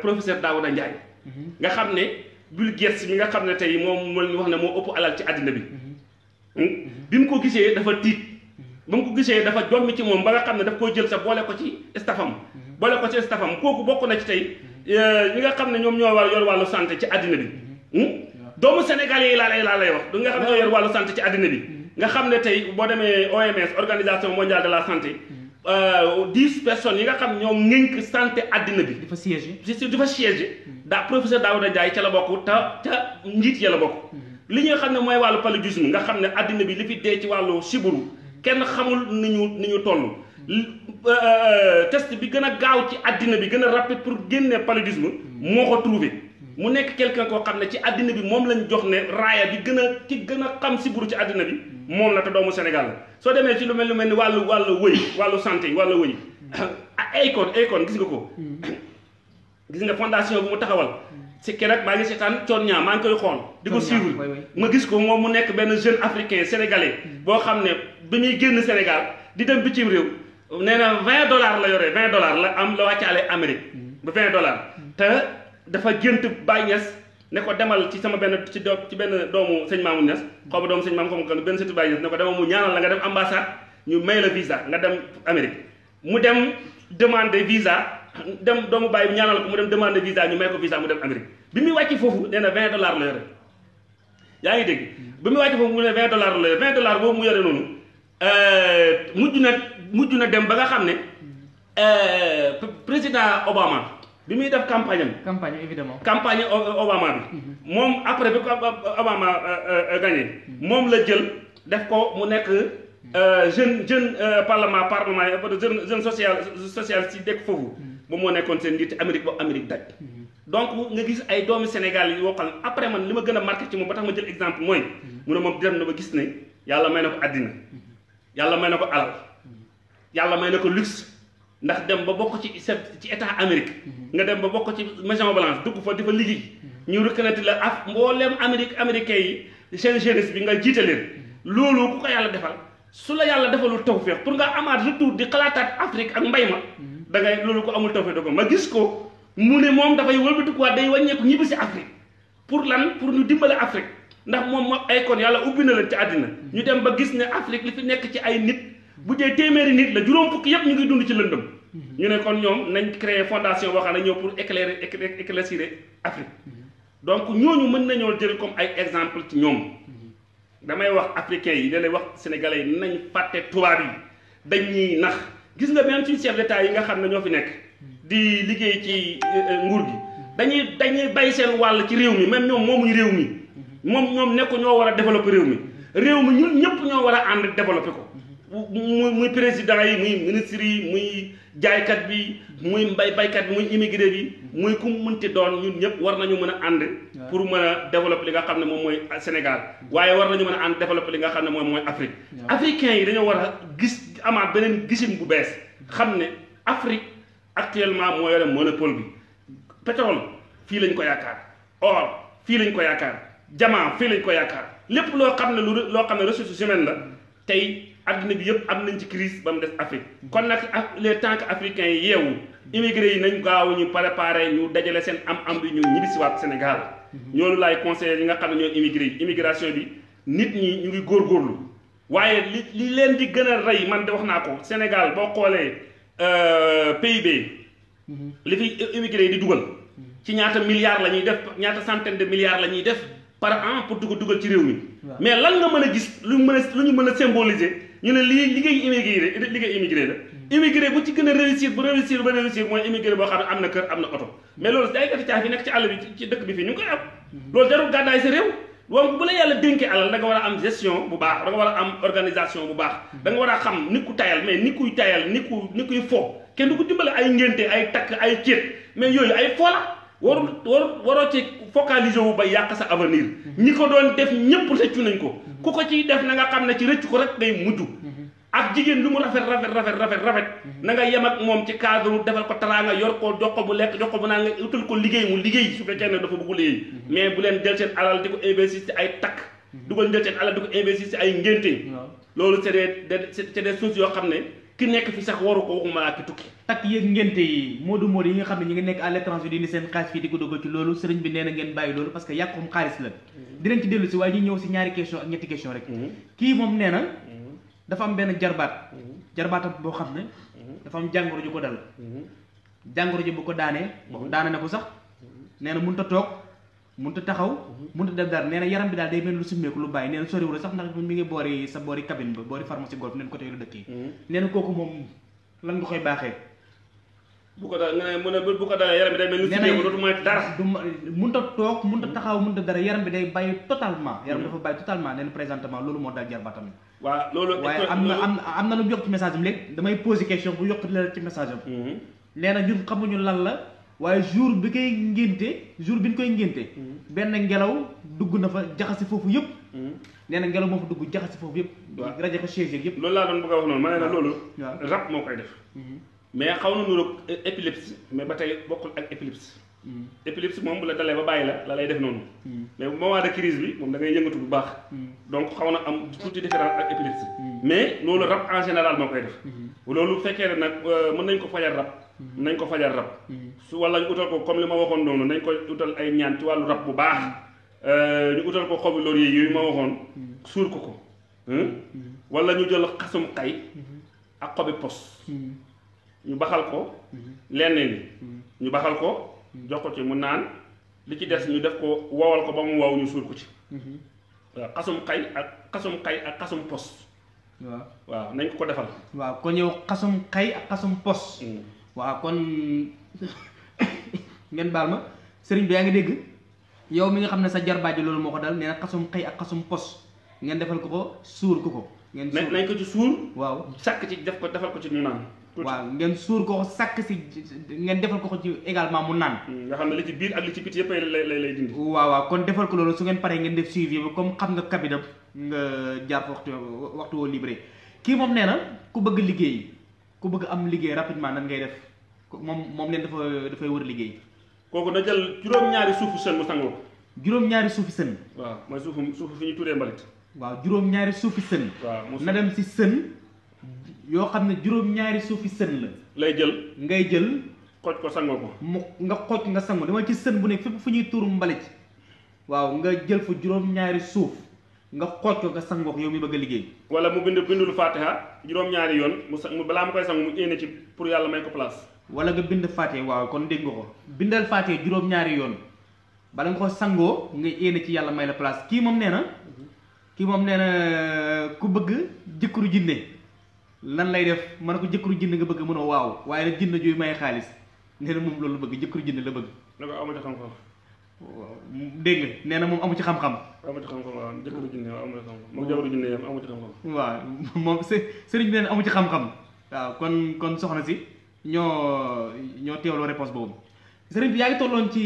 professeur Daouda Ndiaye mhm. nga xam ne Bill Gates mi nga xam ne tey moom moo ñu wax ne moo ëpp alal ci àddina bi mhm. Hmm? bi mu ko gisee dafa tiit ba mu ko gisee dafa jommi ci moom ba nga xam ne daf koy jël sa boole ko ci stafam boole ko ci stafam kooku bokk na ci tey euh, ñi nga xam ne ñoom ñoo war wàllu santé ci àddina bi mm-hmm. hmm? doomu sénégal yi laa lay laa lay wax du nga xam ne ñoo yor wàllu santé ci àddina bi mm-hmm. nga xam ne tey boo demee OMS organisation mondiale de la santé mm-hmm. euh, dix personnes yi nga xam ñoom ngénk santé àddina bi dafa siégé dafa siégé daa professeur Daouda jaay ca la bokk te ca njiit ya la bokk li ñuy xam ne mooy wàllu paludisme nga xam ne àddina bi li fi dee ci wàllu sibiru kenn xamul ni ñu ni ñu toll Euh, test bi gën a gaaw ci àddina bi gën a rapide pour génne paludisme moo ko trouvé mu nekk quelqu'un koo xam ne ci àddina bi moom lañ jox ne raaya bi gën a ci gën a xam si siburu ci àddina bi moom la doomu Sénégal la soo demee ci lu mel lu mel ni wàllu wàllu wëy wàllu santé yi wàllu wëy ah Akon Akon gis nga ko gis nga fondation bi mu taxawal si keroog maa ngi seetaan coon ñaa maa ngi koy xool di ko suivre ma gis ko moom mu nekk benn jeune africain sénégalais boo xam ne bi génn Sénégal di dem bitim réew nee na vingt dollars la yore vingt dollars la am la wàccaale Amérique mm. bu vingt dollars mm. te dafa gént Baye Niass ne ko demal ci sama benn ci do ci benn doomu sëñ Mamoune Niass mm. xaw ma doomu sëñ Maam xaw ma benn sëtu Baye Niass ne ko demal mu ñaanal la nga dem ambassade ñu may la visa nga dem Amérique mu dem demander visa dem doomu Baye ñaanal ko mu dem demander visa ñu may ko visa mu dem Amérique bi muy wàcc foofu nee na vingt dollars la yore yaa ngi dégg bi muy la yore mu yore noonu Euh, mujj na mujj na dem ba nga xam ne euh, président Obama bi muy def campagne am. campagne évidemment campagne Obama bi. Mhm. moom après bi ko Obama euh, gagné. Mhm. moom la jël def ko mu nekk jeune jeune parlement parlement jeune jeune social social si dëkk foofu. Mhm. moom moo nekkoon seen njiit Amérique ba Amérique daj. donc nga gis ay doomi Sénégal yi woo xam après man li ma gën a marqué ci moom ba tax ma jël exemple mooy. mu ne moom dem na ba gis ne yàlla may na ko àddina. yàlla may na ko alal yàlla may na ko luxe ndax dem ba bokk ci ci état amerique mhm. nga dem ba bokk ci Maison balance dugg fa di fa liggéey mhm. ñu reconnaître la af mbooleem Amérique américain yi seen jeunesse bi nga jiite leen mhm. loolu ku ko yàlla defal su la yàlla defalul tawféex pour nga amaat retour di xalaataat Afrique ak mbay ma da loolu ko amul tawféex doo ko ma gis ko mu ne moom dafay wëlbatikuwaat day wàññeeku ñibbi si Afrique pour lan pour ñu dimbale Afrique ndax moom ma ay kon yàlla ubbi na leen ci àddina ñu dem ba gis ne Afrique li fi nekk ci ay nit bu jee téeméeri nit la juróom fukki yëpp ñu ngi dund ci lëndëm ñu ne kon ñoom nañ créer fondation boo xam ne ñëw pour éclairer éclaircir Afrique donc ñooñu mën nañoo jël comme ay exemple ci ñoom damay wax africains yi léeg-léeg wax sénégalais yi nañ fàtte tubaab yi dañ ñuy nax gis nga même suñu chef d'état yi nga xam ne ñoo fi nekk di liggéey ci euh, nguur gi dañuy dañuy bay seen wàll ci réew mi même ñoom moomuñu réew mi moom ñoom nekk ñoo war a développer réew mi réew mi ñun ñëpp ñoo war a ànd développer ko muy muy président yi muy ministre yi muy jaaykat bi muy mbay baykat bi muy immigré bi muy ku mënti doon ñun ñëpp war nañu mën a ànd pour mën a développer li nga xam ne moom mooy Sénégal waaye war nañu mën a ànd développer li nga xam ne moom mooy Afrique africains yi dañoo war a gis amaat beneen gisim bu bees xam ne Afrique actuellement moo yore monopole bi pétrole fii lañ ko yaakaar or fii lañ ko yaakaar jamaa fii lañ ko yaakaar lépp loo xam ne lu loo xam ne ressources humaines la tey adduna bi yëpp am nañ ci crise ba mu des Afrique kon nag les temps que africains yi yeewu immigré yi nañ gaaw ñu préparé ñu dajale seen am-am bi ñu ñibbisiwaat Sénégal ñoolu mhm. laay conseillé yi nga xam ne ñoo immigré yi immigration bi nit ñi ñu ngi góor góorlu waaye li li leen di gën a rey man de wax naa ko Sénégal boo xoolee euh, PIB mhm. li fi immigré yi di dugal mhm. ci ñaata milliards la ñuy def ñaata centaine de milliards la ñuy def par an pour dugg dugal ci réew mi. mais lan nga mën a gis lu mën a lu ñu mën a symboliser ñu ne lii liggéey immigré liggéey immigré la. Hmm. immigré bu ci gën a réussir bu réussir ba réussir mooy immigré boo xam ne am na kër am na oto hmm. mais loolu si ay kati caaf nekk ci àll bi ci dëkk bi fii ñu ngi koy am. Hmm. loolu jarul gàddaay sa réew. loolu bu la yàlla dénkee alal da war a am gestion bu baax da nga war a am organisation bu baax danga war a xam ni ku tayal mais ni kuy tayal ni ku ni kuy fo kenn du ko dimbale ay ngénte ay takk ay céet mais yooyu ay fo la warul waru waroo ci focaliser wu ba yàq sa avenir ñi ko doon def ñëpp rëccu nañ ko ku ko ciy def na nga xam ne ci rëccu ko rek ngay mujj ak jigéen lu mu rafet rafet rafet rafet rafet na nga yem ak moom ci cadre defal ko teraanga yor ko jox ko bu lekk jox ko bu naan nga utal ko liggéey mu liggéey su fekkee ne dafa bëgg liggéey mais bu leen jël seen alal di ko investir ci ay takk du ko jël seen alal di ko investir ci ay ngénte loolu c'est des c'est des choses yoo xam ne ki nekk fi sax waru ko waxuma laa ki tukki takk yëg ngénte yi moodu moodu yi nga xam ne ñu ngi nekk à l'étranger di ni seen xaalis fii di ko dugg ci loolu sëriñ bi nee ngeen bàyyi loolu parce que xaalis la dinañ ci dellu si waaye ñu ñëw si ñaari question ak ñetti question rek mhm. kii moom nee na mhm. dafa am benn jarbaat mhm. jarbaatam boo xam ne dafa am jàngoro ju ko dal jàngoro ji bu ko daanee daana ne ko sax nee na mënut a toog mënut a taxaw mhm. mun a def dara nee na yaram bi daal day mel lu simmeeku lu bàyyi nee na soriwul sax ndax mi ngi boori sa boori cabine ba boori pharmacie golf neen mhm. kooku moom koy baaxee bu ko daal bu ko daal yaram bi day mel lu simmeeku dootu mën taxaw mënut a dara yaram bi day bàyyi totalement yaram mhm. dafa bàyyi totalement nee na présentement loolu moo daal jarba tamit waaw loolu waaye am na na lu message am léegi damay poser question yokk la ci message am nee na ñun xamuñu lan la waaye jour bi koy ngénte jour bi ñu koy ngénte hmm. benn ngelaw dugg na fa jaxasi foofu yëpp hmm. nee na ngelaw moo fa dugg jaxas jaxasi foofu yëpp rajo ko chaise yëpp loolu laa doon bëgg a wax noonu ma ne la loolu rab moo koy def hmm. mais xaw na nuroog eh, épilepsie mais ba tey bokkul ak épilepsie épilepsie moom bu la dalee ba bàyyi la la lay def noonu mais bu moment de crise bi moom da ngay yëngatu bu baax donc xaw na am tuuti différence ak épilepsie mais loolu rab en général moo koy def loolu fekkee ne nag euh, mën nañ ko fajal rab Mm-hmm. nañ ko fajal rab mm-hmm. su wala ñu utal ko comme li ma waxoon noonu nañ koy utal ay ñaan ci wàllu rab bu baax mm-hmm. euh, ñu utal ko xobu laurier yooyu ma waxoon suur ko ko wala ñu jël xasum xay ak pos ñu baxal ko lenn ñu baxal ko jox mu naan li ci des ñu def ko wowal ko ba mu wow ñu suur ko ci xasum xay ak xasum xay ak xasum pos waaw waaw nañ ko ko defal waaw ko ñëw xasum xay ak xasum pos mm. waaw kon ngeen baal ma sëriñ bi yaa ngi dégg yow mi nga xam ne sa jarbaaj loolu moo ko dal nee xasum xëy ak xasum pos ngeen defal ko ko suur ko ko. ngeen suur nañ ko ci waaw sàkk ci def ko defal ko ci ñu waaw ngeen suur ko sàkk si ngeen defal ko ko ci également mu naan. Hmm, nga xam ne li ci biir ak li ci biti yëpp lay lay lay dindi. waaw waaw kon defal ko loolu su ngeen paree ngeen def suivi ba comme xam nga kabinam nga jàpp waxtu waxtu woo libre kii moom nee na ku bëgg liggéey ku bëgg am liggéey rapidement nan ngay def moom moom leen dafa dafay a liggéey. kooku na jël juróom-ñaari suufu sën mu sangoo. juróom-ñaari suufi sën. waaw mooy suufu suufu fi ñu tuuree mbalit. waaw juróom-ñaari suufi sën. na dem si sën yoo xam ne juróom-ñaari suufi sën la. lay jël ngay jël. xoj ko sangoo ko. mu nga xoj nga sango dama ci sën bu nekk fépp fu ñuy tuur mbalit waaw nga jël fa juróom-ñaari suuf. nga xooj ko nga sangook yow mi bëgg a liggéey wala mu bind bindul fatiha juróom-ñaari yoon mu sa mu balaa mu koy sang mu éene ci pour yàlla may ko wala nga bind fatiha waaw kon dégg nga ko juróom-ñaari yoon bala nga ko sangoo nga éene ci yàlla may la place kii moom nee na kii moom nee na ku bëgg jëkkëru jinne lan lay def mën ko jëkkëru jinne nga bëgg mën a waaw waaye la jinne juy may xaalis nee moom loolu bëgg jëkkëru jinne la bëgg la ko amati xam-xam waaw dégg nga nee na moom amu ci xam-xam. amu ci xam-xam waaw jëkkëru junne waaw amu ci xam-xam moom jabaru junne yam amu ci xam-xam. waaw ci xam-xam waaw kon kon soxna si ñoo ñoo teewloo réponse boobu sëriñ bi yaa ngi tolloon ci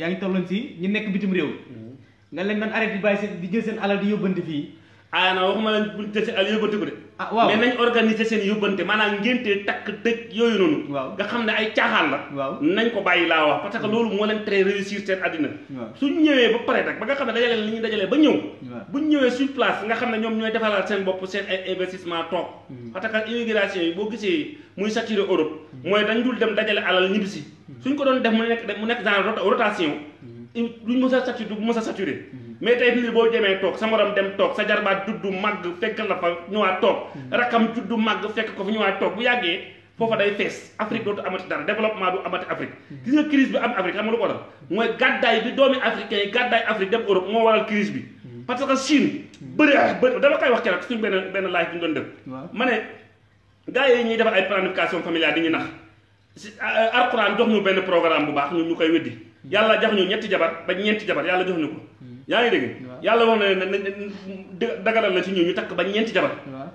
yaa ngi tolloon ci ñu nekk bitim réew. Mhm. nga leen daan arrêté di bàyyi seen di jël seen alal di yóbbante fii. ana waxuma la buñ dese al yóbbante ko de ah nañ organiser seen yóbbante maanaam ngénte takk dëj yooyu waaw nga xam ne ay caaxaan la waaw nañ ko bàyyi laa wax parce que hmm. loolu moo leen très réussir seen àddina suñ ñëwee ba pare nag ba nga xam ne dajale li ñuy dajalee ba ñëw buñ ñëwee sur place nga xam ne ñoom ñooy defalaat seen bopp seen ay investissement toog hmm. parce que immigration yi boo gisee muy saturé Europe hmm. mooy dañ dul dem dajale alal ñibbisi suñ ko doon def mu nekk mu nekk genre rotation duñ mës a saturé du mës a saturé mm-hmm. mais tey lii boo demee toog sama morom dem toog sa jarbaat juddu màgg fekk la fa ñëwaat toog mm-hmm. rakam juddu màgg fekk ko ñu waa toog bu yàggee foofa day fees Afrique dootu amati dara développement bu amati Afrique mm-hmm. gis nga crise bi am Afrique xam nga lu ko waral mooy gàddaay bi doomi africain yi gàddaay Afrique dem Europe moo waral crise bi parce que Chine bëri bëri dama koy wax keroog suñ benn benn laaj bi ñu doon ma ne gars yi ñuy defar ay planification familiale di ñu nax si euh, alxuraan jox ñu benn programme bu baax ñu ñu koy weddi yàlla jox ñu ñetti jabar ba ñeenti jabar yàlla jox ñu ko hmm. yaa ngi dégg yàlla wax na ne dagalal la ci ñu ñu takk ba ñeenti jabar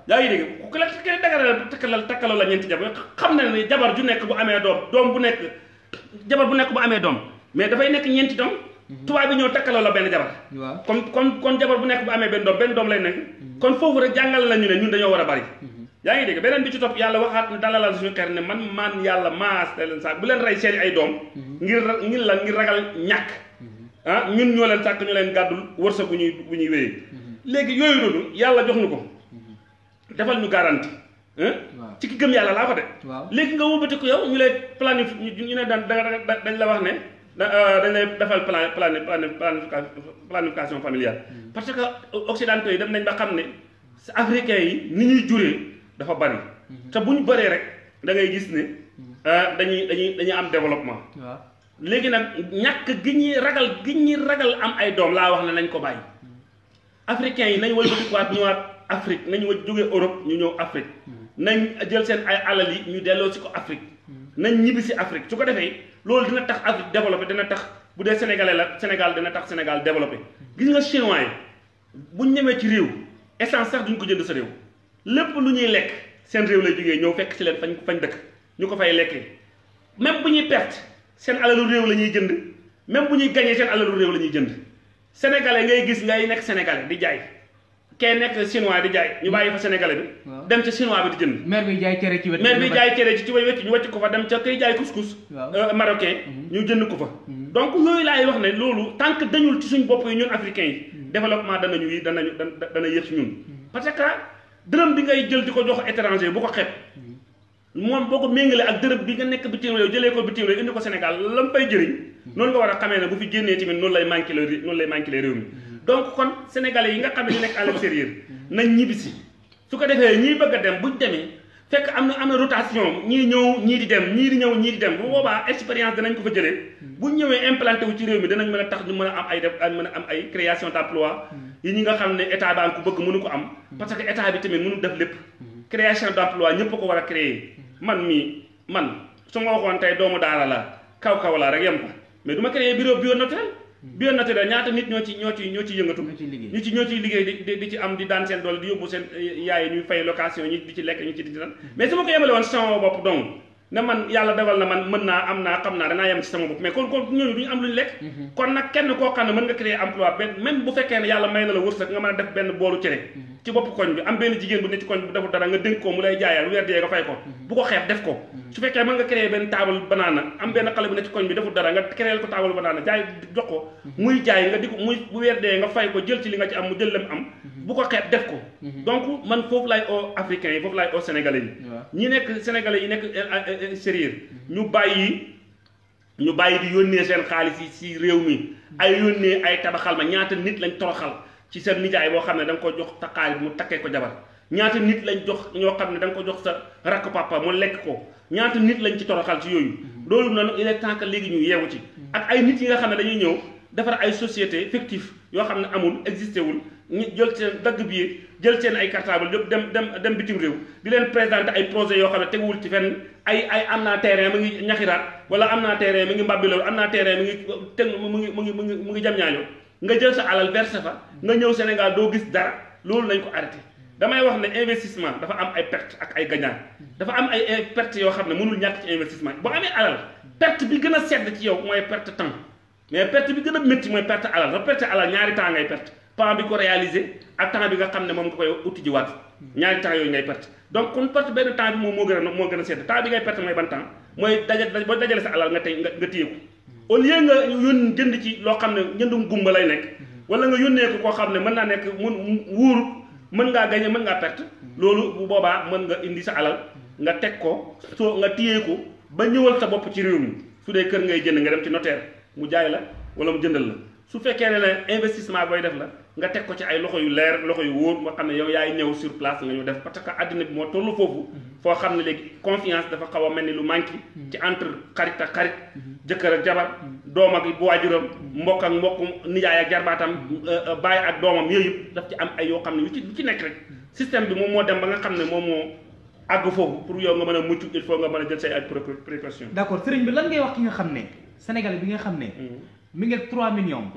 yaa ngi dégg ku la ke dagalal takkalal takkalal la ñeenti jabar xam na ne jabar ju nekk bu amee doom doom bu nekk jabar bu nekk bu amee doom mais dafay nekk ñeenti doom hmm. tubaab bi ñëw takkaloo la benn jabar kon kon kon jabar bu nekk bu amee benn doom benn doom lay nekk hmm. kon foofu rek jàngal la ñu ne ñun dañoo war a bari yaa ngi dégg beneen bi ci topp yàlla waxaat ne dalalal suñu xer ne man maan yàlla maas te leen bu leen rey seen ay doom mhm. ngir ngir lan ngir ragal ñàkk mhm. ah ñun ñoo leen sàkk ñu leen gàddul wërsëg bu ñuy bu ñuy wéyee mhm. léegi yooyu noonu yàlla jox ñu ko defal ñu garanti ah, ci ki gëm yàlla laa ko de léegi nga wóobati ko yow ñu lay planif ñu ne daan dañ la wax ne ah, dañ lay defal plan planification familiale parce que occidentaux yi dem nañ ba xam ne africains yi ni ñuy juree dafa bari mhm. te bu ñu bëree rek da ngay gis ne mhm. euh, dañuy dañuy dañuy am développement léegi nag ñàkk gi ñuy ragal gi ñi ragal am ay doom laa wax na nañ ko bàyyi mhm. africains yi nañ walbatikuwaat ñëwaat Afrique nañ wa jógee Europe ñu ñëw Afrique nañ jël seen ay alal yi ñu delloo si ko Afrique nañ ñibbi si Afrique su ko defee loolu dina tax Afrique développé dina tax bu dee sénégalais la Sénégal dina tax Sénégal développé gis nga chinois yi buñ ñemee ci réew essence duñ ko jënd sa réew lépp lu ñuy lekk seen réew lay jógee ñëw fekk si leen fañ fañ dëkk ñu ko fay lekkee même bu ñuy perte seen alalu réew la ñuy jënd même bu ñuy gañee seen alalu réew la ñuy jënd sénégalais ngay gis ngay nekk sénégalais di jaay kee nekk chinois di jaay ñu bàyyi fa sénégalais bi dem ca chinois bi di jënd maire bi jaay cere ci wet jaay cere ci ci wet ñu wàcc ko fa dem ca kay jaay couscous euh, marocain mhm. ñu jënd ko fa mhm. donc yooyu laay wax ne loolu tant que dañul ci suñ bopp yi ñun africains yi mhm. développement danañu yi danañu dana yéex ñun parce que dërëm bi ngay jël di ko jox étranger bu ko xeeb moom boo ko méngale ak dërëm bi nga nekk bitim réew jëlee ko bitim réew indi ko Sénégal la mu fay jëriñ hmm. noonu nga war a xamee ne bu fi génnee tamit noonu lay manqué le noonu lay manqué le réew mi hmm. donc kon sénégalais yi nga xam ne ñu nekk à l'extérieur hmm. nañ ñibbisi su ko defee ñiy bëgg a dem buñ demee fekk am na am na rotation ñii ñëw ñii di dem ñii di ñëw ñii di dem bu boobaa expérience danañ ko fa jëlee bu ñëwee implanté wu ci réew danañ mën a tax ñu mën a am ay def mën a am ay création d'emploi yi ñi nga xam ne état baa ngi ko bëgg mënu ko am parce que bi tamit mënu def lépp création d'emploi ñëpp ko war a créer man mii man su ma waxoon tey doomu daara la kaw kaw la rek yem ko mais du ma créer bureau bio naturel bio naturel ñaata nit ñoo ci ñoo ci ñoo ci yëngatu ñu ci ñoo liggéey di di ci am di daan seen doole di yóbbu seen eh, yaay ñuy fay location ñi ci lekk ñu ci di daan mm-hmm. mais su ma ko yemale woon sama bopp donc ne man yàlla defal na man mën naa am naa xam naa danaa yem si sama bopp mais kon kon ñooñu duñu am luñu lekk mhm. kon nag kenn koo xam ne mën nga créer emploi benn même bu fekkee ne yàlla may na la wërsëg nga mën a def benn boolu cere mhm. ci bopp koñ bi am benn jigéen bu ne ci koñ bu deful dara nga dénk ko mu lay jaayal weer dee nga fay ko mhm. bu ko xeeb def ko mhm. su fekkee mën nga créer benn taabal banaana am benn xale bu ne ci koñ bi deful dara nga créer ko taabal banaana jaay jox ko mhm. muy jaay nga di ko muy bu dee nga fay ko jël ci li nga ci am mu jël lam am bu ko xeet def ko donc man foofu laay o africains yi foofu laay oo sénégalais yi ñi nekk sénégalais yi nekk euh, euh, euh, séréer ñu bàyyi ñu bàyyi di yónnee seen xaalis yi si réew mi ay yónnee ay tabaxal ma ñaata nit lañ toroxal ci seen nijaay boo xam ne danga ko jox taxaali mu takkee ko jabar ñaata nit lañ jox ñoo xam ne da ko jox sa rakk papa mu lekk ko ñaata nit lañ ci toroxal ci yooyu mm-hmm. loolu noonu il est temps que léegi ñu yeewu ci mm-hmm. ak ay nit yi nga xam ne dañuy ñëw defar ay société fictive yoo xam ne amul existé wul ñu jël seen dagg biir jël seen ay cartable yëpp dem dem dem bitim réew di leen présenté ay projet yoo xam ne teguwul ci fenn ay ay am naa terrain mu ngi ñaxiraat wala am naa terrain mu ngi mbàbbi loolu am naa terrain mu ngi teg mu ngi mu mu mu ngi jam ñaañoo nga jël sa alal verse fa nga ñëw Sénégal doo gis dara loolu nañ ko arrêté damay wax ne investissement dafa am ay perte ak ay gagnant dafa am ay perte yoo xam ne mënul ci investissement boo a sedd ci yow mooy perte temps mais perte a métti mooy perte moom nga koy uti ji waat ñaari temps yooyu ngay perte donc kon perte benn temps bi moom moo gën a moo gën a sedd temps bi ngay perte mooy ban temps mooy dajal boo dajale sa alal nga tey nga téye ko au lieu nga yón jënd ci loo xam ne njëndum gumba lay nekk wala nga yónnee ko koo xam ne mën naa nekk mun wuur mën ngaa gañe mën ngaa perte loolu bu boobaa mën nga indi sa alal nga teg ko soo nga téyee ko ba ñëwal sa bopp ci réew mi su dee kër ngay jënd nga dem ci notaire mu jaay la wala mu jëndal la su fekkee ne ne investissement booy def la nga teg ko ci ay loxo yu leer loxo yu wóor moo xam ne yow yaay ñëw sur place nga ñu def parce que àddina bi moo toll foofu mm-hmm. foo xam ne léegi confiance dafa xaw a mel ni lu manqué mm-hmm. ci entre xarit ak xarit mm-hmm. jëkkër ak jabar doom ak bu waajuram mbokk ak mbokkum nijaay ak jarbaatam euh, euh, baay ak doomam yooyu yëpp daf ci am ay yoo xam ne yu ci nekk rek système bi moom moo dem ba nga xam ne moom moo àgg foofu pour yow nga mën a mucc il faut nga mën a jël say ay précaution d'accord sëriñ bi lan ngay wax ki nga xam ne Sénégal bi nga xam ne mi ngi 3 millions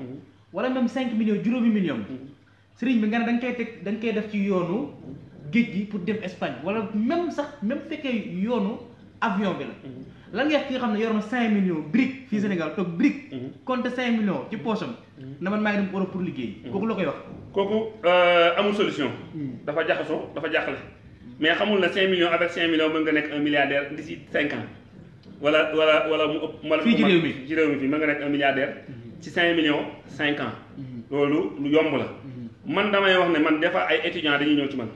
wala même 5 millions juróomi millions. Mm-hmm. sëriñ bi nga ne da nga koy teg da koy def ci yoonu géej gi pour dem Espagne wala même sax même fekkee yoonu avion bi la. Mm-hmm. lan nga wax xam ne yor na 5 millions brique fii mm-hmm. Sénégal toog brique. compte 5 millions ci poche am. na man maa ngi dem Europe pour liggéey. kooku la koy wax. kooku euh, amul solution. Mm. dafa jaxasoo dafa jaaxle. mais xamul na 5 millions avec 5 millions mën nga nekk un milliardaire d'ici 5 ans. wala wala wala mu ëpp. fii ci réew mi ci réew mi fii mën nga nekk ci cinq million cinq ans. Mhm. loolu yomb la. Mhm. man damay wax ne man defa ay étudiants dañuy ñëw ci man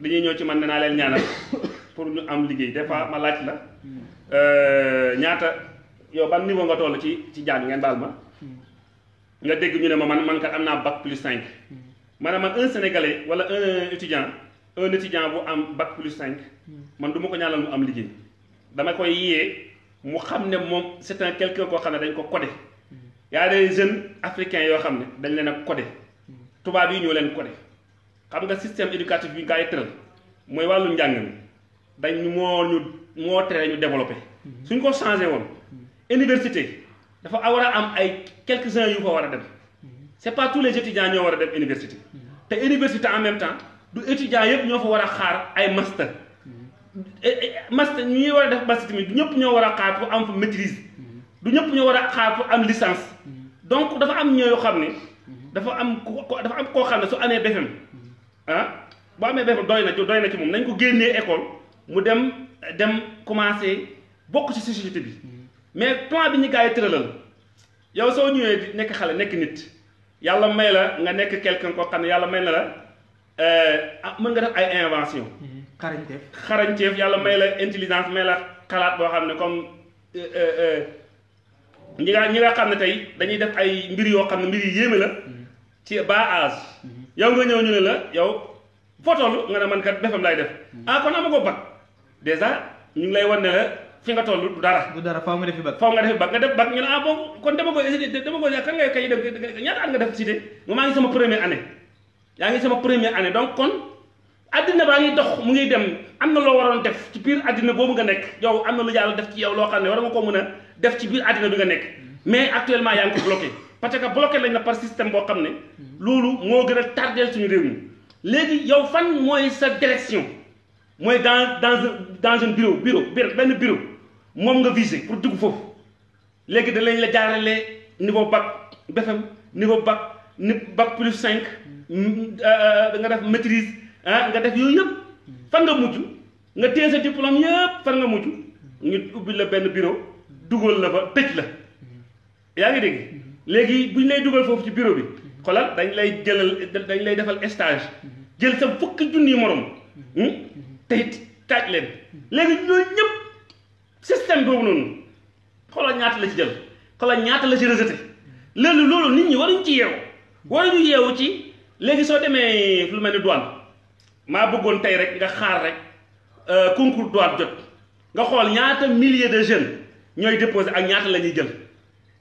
dañuy ñëw ci man danaa leen ñaanal pour ñu am liggéey des fois ma laaj la mhm. euh, ñaata yow ban niveau nga toll ci ci jàng ngeen daal ma. nga dégg ñu ne ma man man kat am naa bac plus cinq. maanaam man un sénégalais wala un étudiant un étudiant bu am bac plus cinq. man duma ko ñaanal mu am liggéey. dama koy yee mu xam ne moom c'est un quelqu'un koo xam ne dañ ko codé. y de des jeunes africains yoo xam ne dañ leen a codé tubaab yi ñoo leen codé xam nga système éducatif bi gaa yi tëral mooy wàllu njàng mi dañ moo ñu moo tere ñu développé suñ ko changé woon université dafa war a am ay quelques uns yu ko war a dem c' est pas tout les étudiants ñoo war a dem université te université en même temps du étudiant yëpp ñoo fa war a xaar ay master master ñi war a def master tamit ñëpp ñoo war a xaar pour am fa maîtrise du ñëpp ñu war a xaar am licence mm-hmm. donc dafa am ñoo xam ne dafa am ko dafa am koo xam ne su amee BFEM mm-hmm. ah bu amee BFEM doy na doy na ci moom nañ ko génnee école mu dem dem commencé bokk ci société bi mm-hmm. mais plan bi ñu gars yi tëralal yow soo ñëwee di nekk xale nekk nit yàlla may la nga nekk quelqu'un ko xam ne yàlla may na la euh, ah mën nga def ay invention xarañteef xarañteef yàlla may la intelligence may la xalaat boo xam ne comme euh, euh, ñi nga ñi nga xam ne tey dañuy def ay mbir yoo xam ne mbir yi yéeme la ci bas âge yow nga ñëw ñu ne la yow foo toll nga ne man kat defam laay def mm-hmm. ah kon ama ko bac dèjà ñu ngi lay wan ne la fi nga toll du dara du dara faaw nga def bac faaw nga defi def bac ñu ne ah kon dama koy essayé dama nga def cité mo maa ngi sama yaa ngi sama première année donc kon addina baa ngi dox mu ngi dem am na loo waroon def ci piir addina boobu nga nekk yow am na lu yàlla def ci yow loo xam ne war nga koo mën a def ci biir àddina bi nga nekk mais actuellement yaa ngi ko bloqué parce que bloqué lañ la par système boo xam ne loolu moo gën a tardeel suñu réew mi léegi yow fan mooy sa direction mooy dans dans dans un bureau bureau benn bureau moom nga visé pour dugg foofu léegi danañ la jaarale niveau bac BFEM niveau bac ni bac plus 5 euh, nga def maîtrise ah nga def yooyu yëpp fan nga mujj nga téye sa diplôme yëpp fan nga mujj ñu ubbi la benn bureau. dugal la fa tëj la yaa ngi dégg léegi bu ñu lay dugal foofu ci bureau bi xoolal dañ lay jëlal dañ lay defal stage jël sa fukki junni morom hmm? te it taaj leen léegi ñooñu ñëpp système boobu noonu xoolal ñaata la ci jël xoolal ñaata la ci rejeté léegi loolu nit ñi waruñ ci yeewu waruñu yeewu ci léegi soo demee lu mel ni douane maa bëggoon tey rek nga xaar rek euh, concours douane jot nga xool ñaata milliers de jeunes ñooy déposé ak ñaata la ñuy jël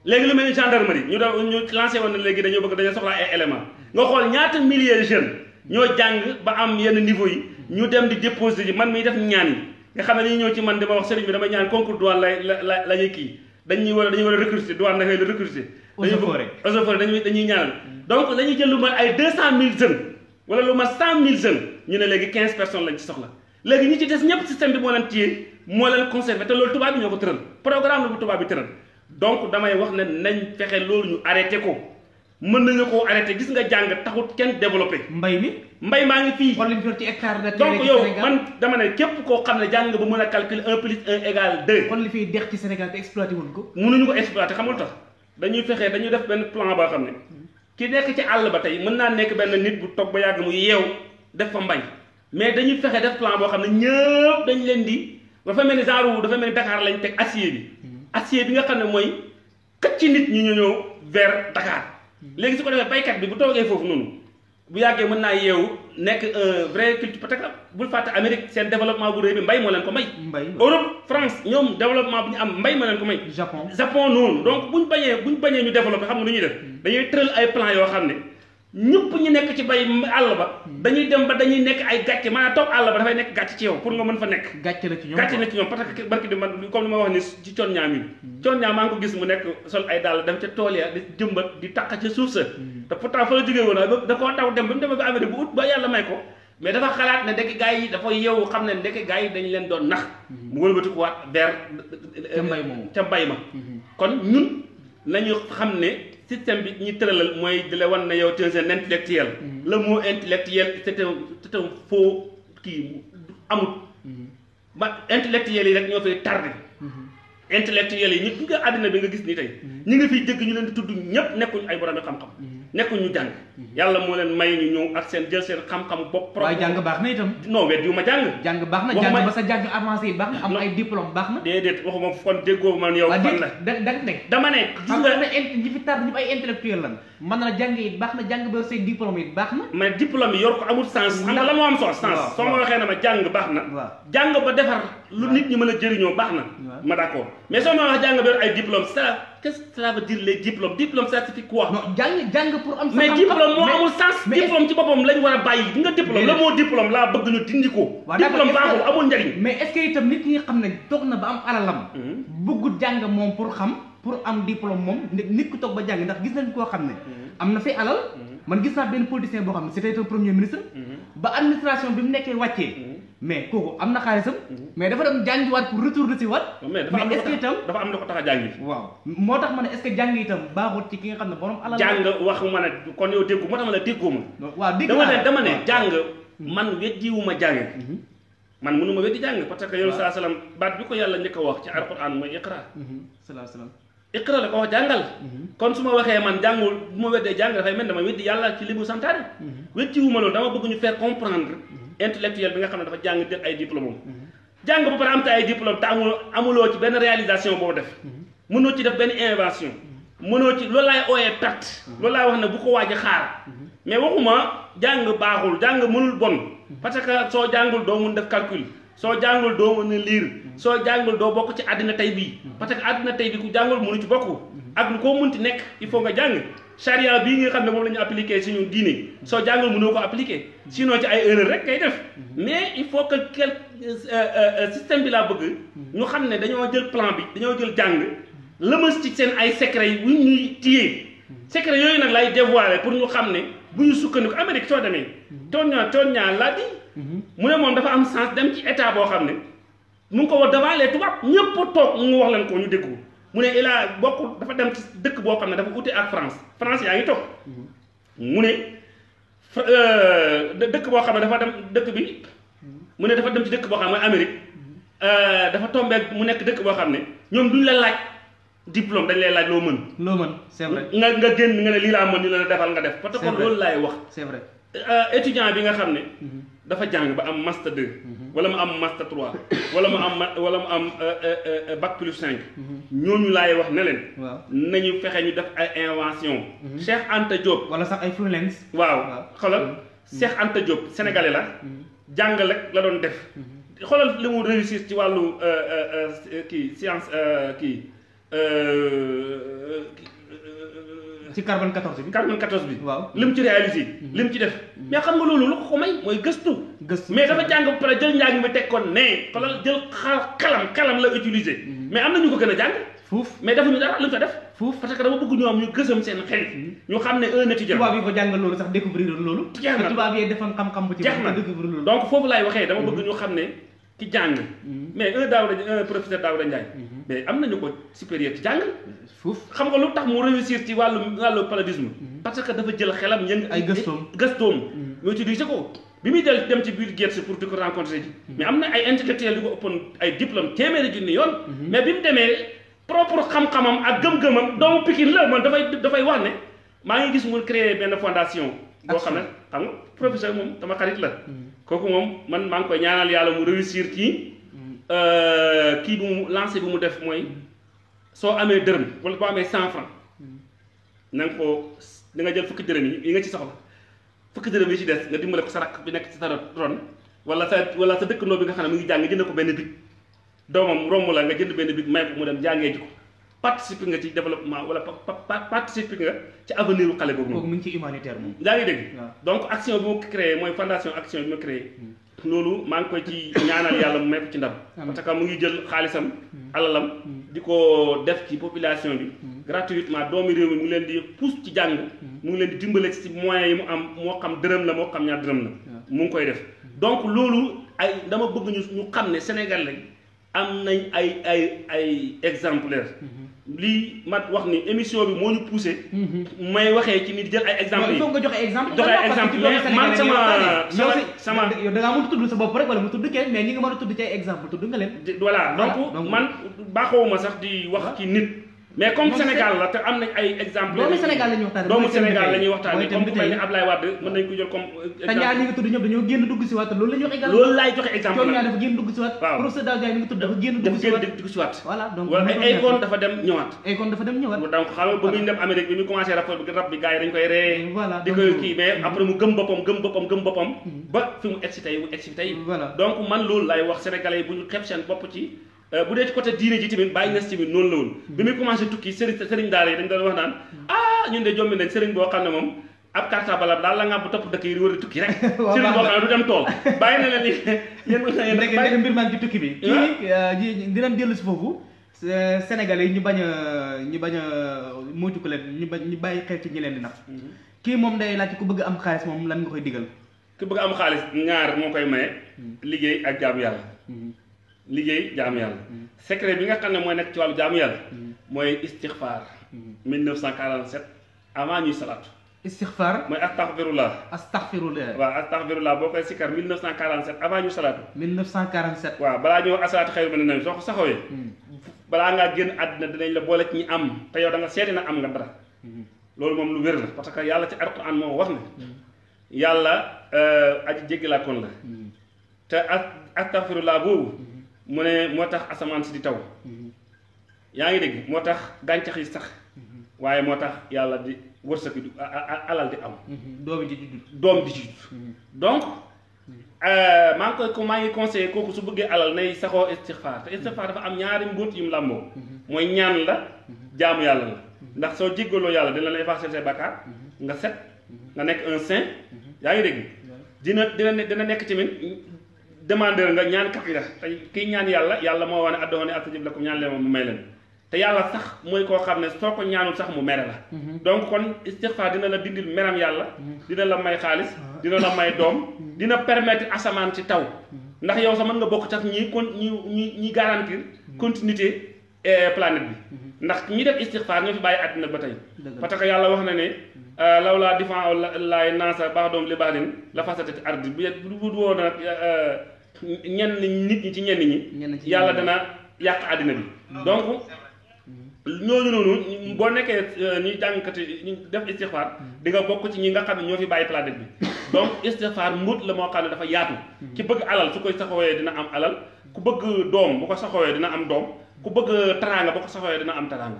léegi lu mel ni gendarmerie ñu doon ñu lancé woon na léegi dañoo bëgg dañoo soxla ay élément nga xool ñaata milliers jeunes ñoo jàng ba am yenn niveau yi ñu dem di déposé ji man miy def ñaan yi nga xam ne dañuy ñëw ci man dama wax sëriñ bi damay ñaan concours douane lay la la ñuy kii dañuy war a dañuy war a recruter douane dafay la recruter dañuy dañuy dañuy ñaanal donc dañuy jël lu mat ay deux cent mille jeunes wala lu mat cent mille jeunes ñu ne léegi quinze personnes lañ ci soxla léegi ñi ci des ñëpp système bi moo moo leen conservé te loolu tubaab bi ñoo ko tëral programme la bu tubaab bi tëral donc damay wax ne nañ fexe loolu ñu arrêté ko mën na ñu ko arrêté gis nga jàng taxut kenn développé. mbay mi mbay maa ngi fii. xool nañu ci hectare de terrain donc yow man dama ne képp koo xam ne jàng nga ba mën a calculer un plus un égale deux. kon li fiy dex ci Sénégal te exploité wuñ ko. mënuñu ko exploité xamul tax dañuy fexe dañuy def benn plan boo xam ne ki nekk ci àll ba tey mën naa nekk benn nit bu toog ba yàgg mu yeew def fa mbay mais dañuy fexe def plan boo xam ne ñëpp dañ leen di. dafa mel ni genre dafa mel ni Dakar lañ teg acier bi hmm. acier bi nga xam ne mooy kat ci nit ñi ñu ñëw vers Dakar hmm. léegi su ko defee baykat bi bu toogee foofu noonu bu yàggee mën naa yeewu nekk un vrai culture peut-être bul fàtte Amérique seen développement bu réy bi mbay moo leen ko may Europe France ñoom développement bu ñu am mbay moo leen ko may Japon Japon noonu donc buñ bañee buñ bañee ñu développé xam nga lu ñuy def hmm. dañuy tëral ay plan yoo xam ne ñëpp ñu nekk ci bay àll ba dañuy dem ba dañuy nekk ay gàcce maanaam toog àll ba dafay nekk gàcce ci yow pour nga mën fa nekk gàcce la ci ñoom gàcce la ci ñoom parce que barki di man comme li ma wax ni ci coon ñaam yi coon suuf sa hmm. te pourtant fa la jógee woon da koo taw ba mu demee ba Amérique may ko mais dafa xalaat ne ndekk gars yi dafa yeewu xam ne ndekk gars yi dañ leen doon nax hmm. mu wëlbatiku waat vers ca mbay ma hmm. kon ñun nañu xam ne système bi ñu tëralal mooy di la wan ne yow tu es un intellectuel mm-hmm. le mot intellectuel c'est un c'est un kii amut mm-hmm. ba intellectuel yi rek ñoo fay tardé mm-hmm. intellectuel yi ñu nga àddina bi nga gis ni tey ñi nga fiy jëgg ñu leen di tudd ñëpp nekkuñ ay borom xam-xam nekkul ñu jàng mhm. yàlla moo leen may ñu ñëw ak seen jël seen xam-xam bopp waaye jàng baax na itam non wet yu ma jàng jàng baax na jàng ba sa jàng avancé yi baax na am ay diplôme baax na déedéet waxuma kon déggoo man yow fan la da nekk dama ne gis nga ne ñi fi tar lan mën na jàng yi baax na jàng ba say diplôme yi baax mais diplôme yi yor ko amul sens xam la moo am sens sens soo ma waxee jàng baax na jàng ba defar lu nit ñi mën a jëriñoo baax na ma d'accord mais soo ma wax jàng benn ay diplôme ça qu'est-ce que ça veut dire les diplômes diplôme ça signifie jàng jàng pour am. mais diplôme moo amul sens. diplôme ci boppam a bàyyi. bi ko. mais est itam nit ñi xam ne toog na ba am alalam. Mhm. bëggu jàng moom pour xam. pour am diplôme moom nit ku toog ba jàng ndax gis nañ koo xam ne. Mhm. am na fi alal. Mhm. man gis naa benn politicien boo xam ne c'était un premier ministre. ba administration bi mu nekkee wàccee. mais kooku am na xaalisam. Mhm. mais dafa dem jàngiwaat pour retourner si waat. mais dafa am lu ko tax am lu ko tax a jàngi. waaw moo tax ma ne est ce que jàngi itam baaxul ci ki xam ne borom. alal jàng wax ma a kon yow déggu moo tax ma ne déggoo ma. waaw dégg dama ne jàng mhm. man weddiwuma jànge. Mhm. ma weddi jàng parce que yow saa salaam baat bi ko yàlla njëkk a wax ci alquran kon su ma waxee man jàngul bu ma weddee jàng dafay mel dama weddi yàlla ci li mu santaane. weddiwuma loolu dama bëgg ñu faire comprendre intellectuel bi nga xam ne dafa jàng jël ay diplôme am mhm. jàng ba pare am te ay diplôme te amuloo ci benn réalisation boo def mhm. mënoo ci def benn invention mhm. mënoo ci loolu laay ooyee perte loolu laay wax ne bu ko waaj a xaar mais waxuma jàng baaxul jàng mënul bon parce que soo jàngul doo mun def calcul soo jàngul doo mën liir soo jàngul doo bokk ci àddina tey bii parce que àddina tey bi ku jàngul mënu ci bokk ak lu koo munti nekk il faut nga jàng charia bii nga xam ne moom la ñu appliqué si ñun diine soo jàngal mënoo ko appliqué sinon ci ay erreur rek kay def mais il faut que quel euh, euh, euh, système bi laa bëgg ñu xam ne dañoo jël plan bi dañoo jël jàng lëmas ci seen ay secret yi yu ñuy téye secret yooyu nag lay dévoiler pour ñu xam ne bu ñu sukkandiku Amérique soo demee toon ñaa toon ñaa laa di mu ne moom dafa am sens dem ci état boo xam ne mu ngi ko wax devant les tubaab ñëpp toog mu wax leen ko ñu dégg mu ne ilaa bokkul dafa dem ci dëkk boo xam ne dafa uti ak France France yaa ngi toog mu ne euh, dëkk boo xam ne dafa dem dëkk bi mu ne dafa dem ci dëkk boo xam ne mooy Amérique euh, dafa tombé mu nekk dëkk boo xam ne ñoom duñ la laaj diplôme dañ lay laaj loo mën. loo mën c'est vrai nga nga génn nga ne lii laa mën ñu la defal nga def. parce que loolu laay wax. c'est vrai euh, étudiant bi nga xam ne. Mm-hmm. dafa jàng ba am master 2 wala mu am master 3 wala mu am wala mu am euh, euh, euh, bac plus 5 ñooñu laay wax ne leen nañu fexe ñu def ay invention mhm. Cheikh Anta Diop wala sax ay freelance waaw xoolal mhm. Cheikh ante Diop sénégalais la mhm. jàng rek la doon def xoolal li mu réussir ci wàllu kii science kii ci carbone 14 bi carbone 14 bi waaw li mu ci réalisé mhm. li mu ci def mais xam nga loolu lu ko ko may mooy gëstu gëstu mais dafa jàng ba pare jël njàng mi teg ko ne xoolal jël xaal kalam kalam la mhm. ko gën a jàng fuuf mais defuñu lu mu ta def fuuf parce que mhm. ne un étudiant tubaab yi ko jàngal loolu sax découvrir loolu jeex na tubaab yi defoon xam-xam bu ci foofu laay waxee dama bëgg ñu xam ne ki jàng mais un Daouda un professeur Daouda Ndiaye mais am nañu ko supérieur ci jàng. fuuf xam nga lu tax mu réussir ci wàllu wàllu paludisme. Mm-hmm. parce que dafa jël xelam yëng. ay gëstoom gëstoom. ñu mm-hmm. utilisé ko bi muy del dem ci biir Gates pour di ko rencontrer ji. Mm-hmm. mais am na ay intellectuels yu ko ëppoon ay diplôme téeméeri junni yoon. mais bi mu demee propre xam-xamam ak gëm-gëmam doomu Pikine la man dafay dafay wax ne maa ngi gis mu créer benn fondation. boo xam ne xam nga professeur moom dama xarit la. kooku man maa ngi koy yàlla mu réussir ci. Euh, kii bu mu lancé bu mu def mooy soo amee dërëm wala boo amee cent franc na nga ko da nga jël fukki dërëm yi yi nga ci soxla fukki dërëm yi ci des nga dimbale ko sa rakk bi nekk ci sa ron wala sa wala sa dëkkandoo bi nga xam ne mu ngi jàng nga jënd ko benn big doomam romb la nga jënd benn big may mu dem jàngee ji ko participer nga ci développement wala participer nga ci avenir u xale boobu. kooku mu ngi ci humanitaire moom. yaa ngi dégg donc action bi ma créé mooy fondation action bi ma loolu maa ngi koy ci ñaanal yàlla mu may ko ci ndam. parce que mu ngi jël xaalisam. Hmm. alalam. Hmm. di ko def ci population bi. Hmm. gratuitement doomi réew mi mu leen di pousse ci jàng. mu ngi leen di dimbaleek ci moyens yi mu am moo xam dërëm la moo xam ñaar dërëm la. mu ngi koy def donc loolu ay dama bëgg ñu ñu xam ne Sénégal lañ am nañ ay ay ay exemplaires. lii mat wax ni émission bi moo ñu poussé. may waxee ci nit jël ay exemples yi. il faut nga joxe exemple. joxe exemple mais man sama sama sama. yow da ngaa a tudd sa bopp rek wala mu tudd kenn mais ñi nga mën tudd ci ay exemple tudd nga leen. voilà donc man baaxoo ma sax di wax ci nit. mais comme Sénégal la te am nañ ay exemple doomu Sénégal la ñuy waxtaanee doomu Sénégal la ñuy waxtaanee comme ku mel ni si waat loolu la ñuy joxe exemple coono ñaar dafa dem ñëwaat Akon dafa dem ñëwaat donc xam nga ba muy dem Amérique bi ñu commencé rapport bi yi dañ koy ree di ko kii mais hmm. après mu gëm boppam gëm boppam gëm boppam hmm. ba fi mu egsi mu egsi tey man loolu laay wax sénégalais yi bu ñu xeeb seen bopp ci Euh, bu dee ci côté diine ji tamit bàyyi nas tamit noonu la woon hmm. bi muy commencé tukki sëriñ sëriñ daara yi dañ doon wax naan ah ñun de jombi nañ sëriñ boo xam ne moom ab karta daal la nga bu topp dëkk a tukki rek sëriñ boo xam ne du dem tool bàyyi na leen yéen ndekk mbir tukki bi euh, euh, yi ñu bañ a ñu bañ a moytu ko leen ñu bañ ñu bàyyi xel ci ñi leen di nax hmm. kii moom day laaj ku bëgg am xaalis moom lan nga koy digal ku bëgg am xaalis ñaar moo koy maye hmm. liggéey ak jaamu yàlla liggéey jaamu yàlla. Mm. secret bi nga xam ne mooy nekk ci wàllu jaamu yàlla. Mm. mooy istixfaar. 1947 mm. avant ñuy salaatu. istixfaar mooy astaxfirullah. astaxfirullah waaw astaxfirullah boo koy sikkar 1947 avant ñuy salaatu. 1947. waaw balaa ñëw asalaatu xayru mina nawm soo ko saxawee. balaa ngaa génn àddina dinañ la boole ci ñi am te yow da nga seeti na am nga dara. loolu moom lu wér la parce que yàlla ci alxuraan moo wax ne. yàlla euh, aji jéggalaakoon la. te astaxfirullah mu ne moo tax asamaan si di taw yaa ngi dégg moo tax gàncax yi sax waaye moo tax yàlla di wërsëg di alal di am. doom di ci doom di ci donc euh, maa ngi koy ko maa ngi conseillé kooku su bëggee alal nay saxoo istixfaar te istixfaar dafa am ñaari mbóot yu mu làmboo. mooy ñaan la jaamu yàlla la ndax soo jéggaloo yàlla dina lay effacer say bakkaar nga set nga nekk un saint yaa ngi dégg dina dina nekk tamit. demandeur nga ñaan kat nga te ñaan yàlla yàlla moo wax ne addoon ne astajib lakum ñaan leen mu may leen te yàlla sax mooy koo xam ne soo ko ñaanul sax mu mere la mhm. donc kon istixfaar dina la dindil meram yàlla mhm. dina la may xaalis ah. dina la may doom mhm. dina permettre asamaan ci taw ndax yow sa man nga bokk tax ñi kon ñi ñi ñi garantir continuité eh, planète bi ndax ñi def istixfaar ñoo fi bàyyi àddina ba tey parce yàlla wax na ne euh, lawlaa difaa laay naasa baax baax leen la fasadati ardi bu woon euh, ñenn nit ñi ci ñenn ñi yàlla dana yàq àddina bi ah, donc ñooñu noonu boo nekkee euh, ñuy jàngkati ñu def istixfaar hmm. di nga bokk ci ñi nga xam ne ñoo fi bàyyi planète bi hmm. donc istixfaar mbóot la moo xam ne dafa yaatu hmm. ki bëgg alal su koy saxawee dina am alal ku bëgg doom bu ko saxawee dina am doom ku bëgg taraanga bu ko saxawee dina am taraanga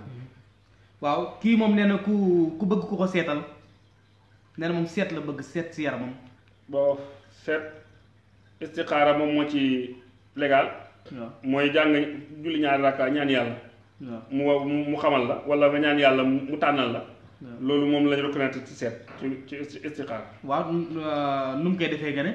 waaw kii moom nee na ku ku bëgg ku ko seetal nee na moom seet la bëgg seet si yaramam boo seet istixaara moom moo ci légal mooy jàng julli ñaari rakka ñaan yàlla mu mu xamal la wala nga ñaan yàlla mu tànnal la loolu moom lañu reconnaître ci seet ci ci istixaara waaw euh, koy defee gane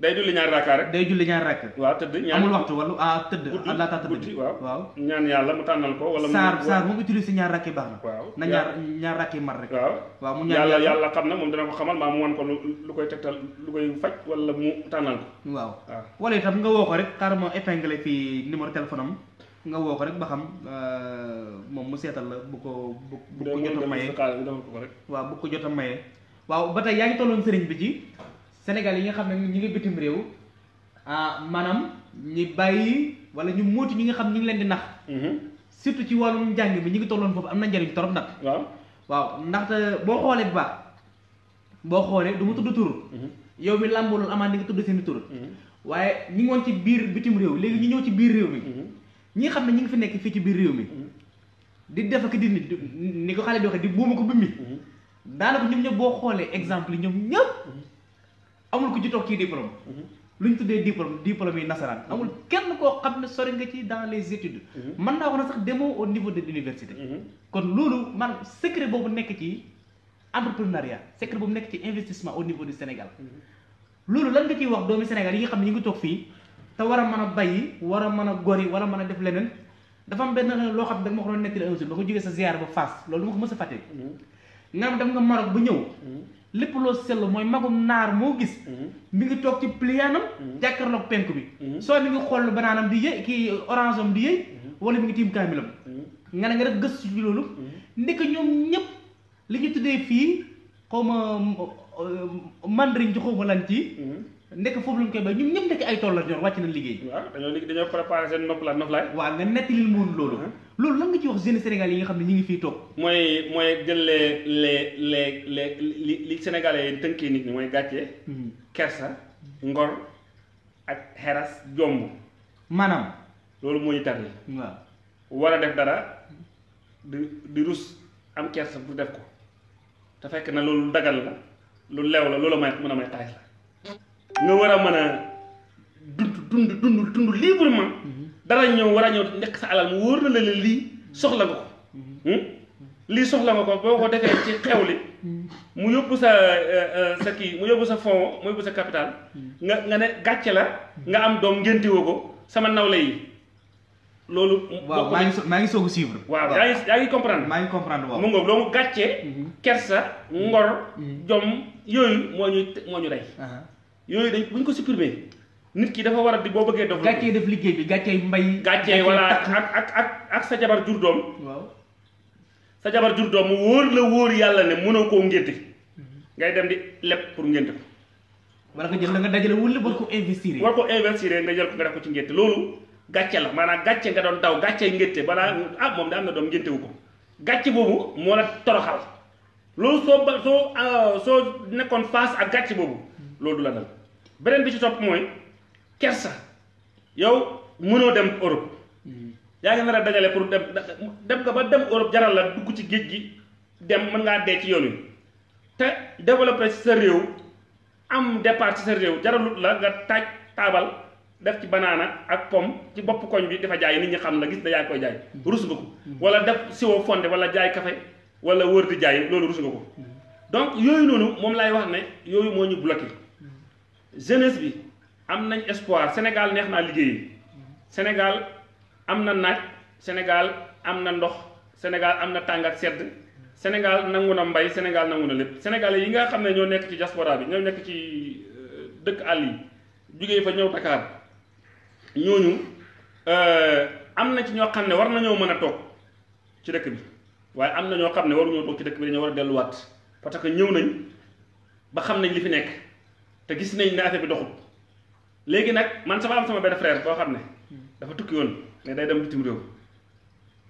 day julli ñaari rakka rek day julli ñaari rakka waaw tëdd ñaan amul waxtu wala ah tëdd laataa tëdd bi waaw ñaan yàlla mu tànnal ko wala saar saar mu utilisé ñaar waaw na ñaar ñaar rakki mar rek xam na moom dana ko xamal maa mu wan ko lu koy tegtal lu koy faj wala mu tànnal ko waaw waaw wala itam nga woo ko rek xaaral ma épinglé fii numéro téléphone am nga woo ko rek ba xam euh, moom mu seetal la bu ko bu bu ko jot a maye waaw bu ko jot a maye waaw ba tey yaa ngi tolloon sëriñ bi ci Sénégal yi nga xam ne ñu ngi bitim réew ah maanaam ñi bàyyi wala ñu moytu ñi nga xam ñu ngi leen di nax. Mhm. surtout ci wàllum jàng bi ñi ngi tolloon foofu am na njariñ torop nag. waaw waaw ndaxte boo xoolee bu baax boo xoolee du ma tudd tur. Mhm. yow mi làmboo loolu amaat di nga tudd seen tur. Mhm. waaye ñi ngi woon ci biir bitim réew léegi ñu ñëw ci biir réew mi. ñi nga xam ne ñi ngi fi nekk fii ci biir réew mi. di def ak di ni ko xale bi waxee di buuma ko bimmi. daanaka ñoom ñëpp boo xoolee exemple ñoom ñëpp. amul ku ci toog kii diplôme mhm. lu ñu tuddee diplôme diplôme yi nasaraan mhm. amul kenn koo xam ne sori nga ci dans les études mhm. mën naa ko na sax demoo au niveau de l'université kon loolu man secret boobu nekk ci entrepreneuriat secret boobu nekk ci investissement au niveau de Sénégal loolu lan nga ciy wax doomi Sénégal yi nga xam ne ñu ngi toog fii te war a mën a bayyi war a mën a gori wala mën a def leneen dafa am benn loo xam ne da nga ma ko doon nettali ko jógee sa ziar ba Fass loolu ma ko mës a fàtte nga xam dem nga Maroc ba ñëw hmm. lépp loo seetlu mooy magum naar moo gis hmm. mi ngi toog ci plianam hmm. jàkkaarloog penk bi soo mi ngi xool banaanam di yëy kii orange di yëy wala mi ngi tiim kaamilam nga ne nga def gëstu ci loolu ndekk ñoom ñëpp li ñu tëddee fii xaw ma euh, mandarin ci xaw ma lan ci ndekk foofu lañ koy bay ñun ñëpp ndekk ay tool la ñor wàcc nañ liggéey waaw dañoo liggéey dañoo préparé seen noppalaat noflaay waaw nga netti lil moon loolu loolu lan nga ci wax mooy mooy jël les les li li sénégalais yi tënkee nit ñi mooy gàcce kersa ngor ak xeras jomb maanaam loolu moo ñu tarli def dara di rus am kersa pour def ko te fekk na loolu dagal la leew la loola may mën a may xaalis la nga war a mën a dund dund dund dund librement mhm. dara ñëw war a ñëw nekk sa alal mu wóor na la lii soxla nga ko mhm. hmm? lii soxla nga ko boo ko defee ci xew li mhm. mu yóbbu sa euh, euh, sa kii mu yóbbu sa fon mu yóbbu sa capital nga nga ne gàcce la nga am doom ngéntiwoo ko sama nawle yi loolu maa ngi maa ngi soog a suivre waaw yaa ngi yaa ngi comprendre maa ngi comprendre waaw mu ngoog loolu gàcce kersa ngor jom yooyu moo ñu moo ñu rey uh-huh. yooyu dañ buñ ko supprimer nit ki dafa war a di boo bëggee développé gàccee def liggéey bi gàccee mbay. gàccee wala ak ak ak ak sa jabar jur doom. waaw sa jabar jur doom mu wóor la wóor yàlla ne mënoo koo ngénte mhm. ngay dem di lepp pour ngénte ko. wala nga jël nga dajale wul la war ko investir. war ko investir nga jël ko nga def ko ci ngénte loolu gàcce la maanaam gàcce nga doon daw gàccee ngénte balaa ah moom da am na doom ngéntewu ko gàcce boobu moo la toroxal loolu soo soo ah, soo nekkoon face ak gàcce boobu mhm. loolu la dal. beneen bi ci topp mooy kersa yow mënoo dem Europe yaa ngi nar a dajale pour dem dem nga ba dem Europe jaral la dugg ci géej gi dem mën ngaa dee ci yoon wi te développé ci sa réew am départ ci sa réew jaralut la nga taaj taabal def ci banaana ak pomme ci bopp koñ bi dafa jaay nit ñi xam la gis da yaa koy jaay rus nga ko mm-hmm. wala def siwo fonde wala jaay kafe wala wër di jaay loolu rus nga ko mm-hmm. donc yooyu noonu moom lay wax ne yooyu moo ñu bloqué jeunesse bi am nañ espoir Sénégal neex naa liggéey Sénégal am na naaj Sénégal am na ndox Sénégal am na tàng ak sedd Sénégal nangu na mbay Sénégal nangu na lépp sénégalais yi nga xam ne ñoo nekk ci diaspora bi ñoo nekk ci euh, dëkk àll yi jugee fa ñëw Dakar ñooñu euh, am na ci ñoo xam ne war nañoo mën a toog ci dëkk bi waaye am na ñoo xam ne waruñoo toog ci dëkk bi dañoo war a delluwaat parce que ñëw nañ ba xam nañ li fi nekk. te gis nañ ne affaire bi doxul léegi nag man sama am sama benn frère boo xam ne dafa tukki woon ne day dem bitim réew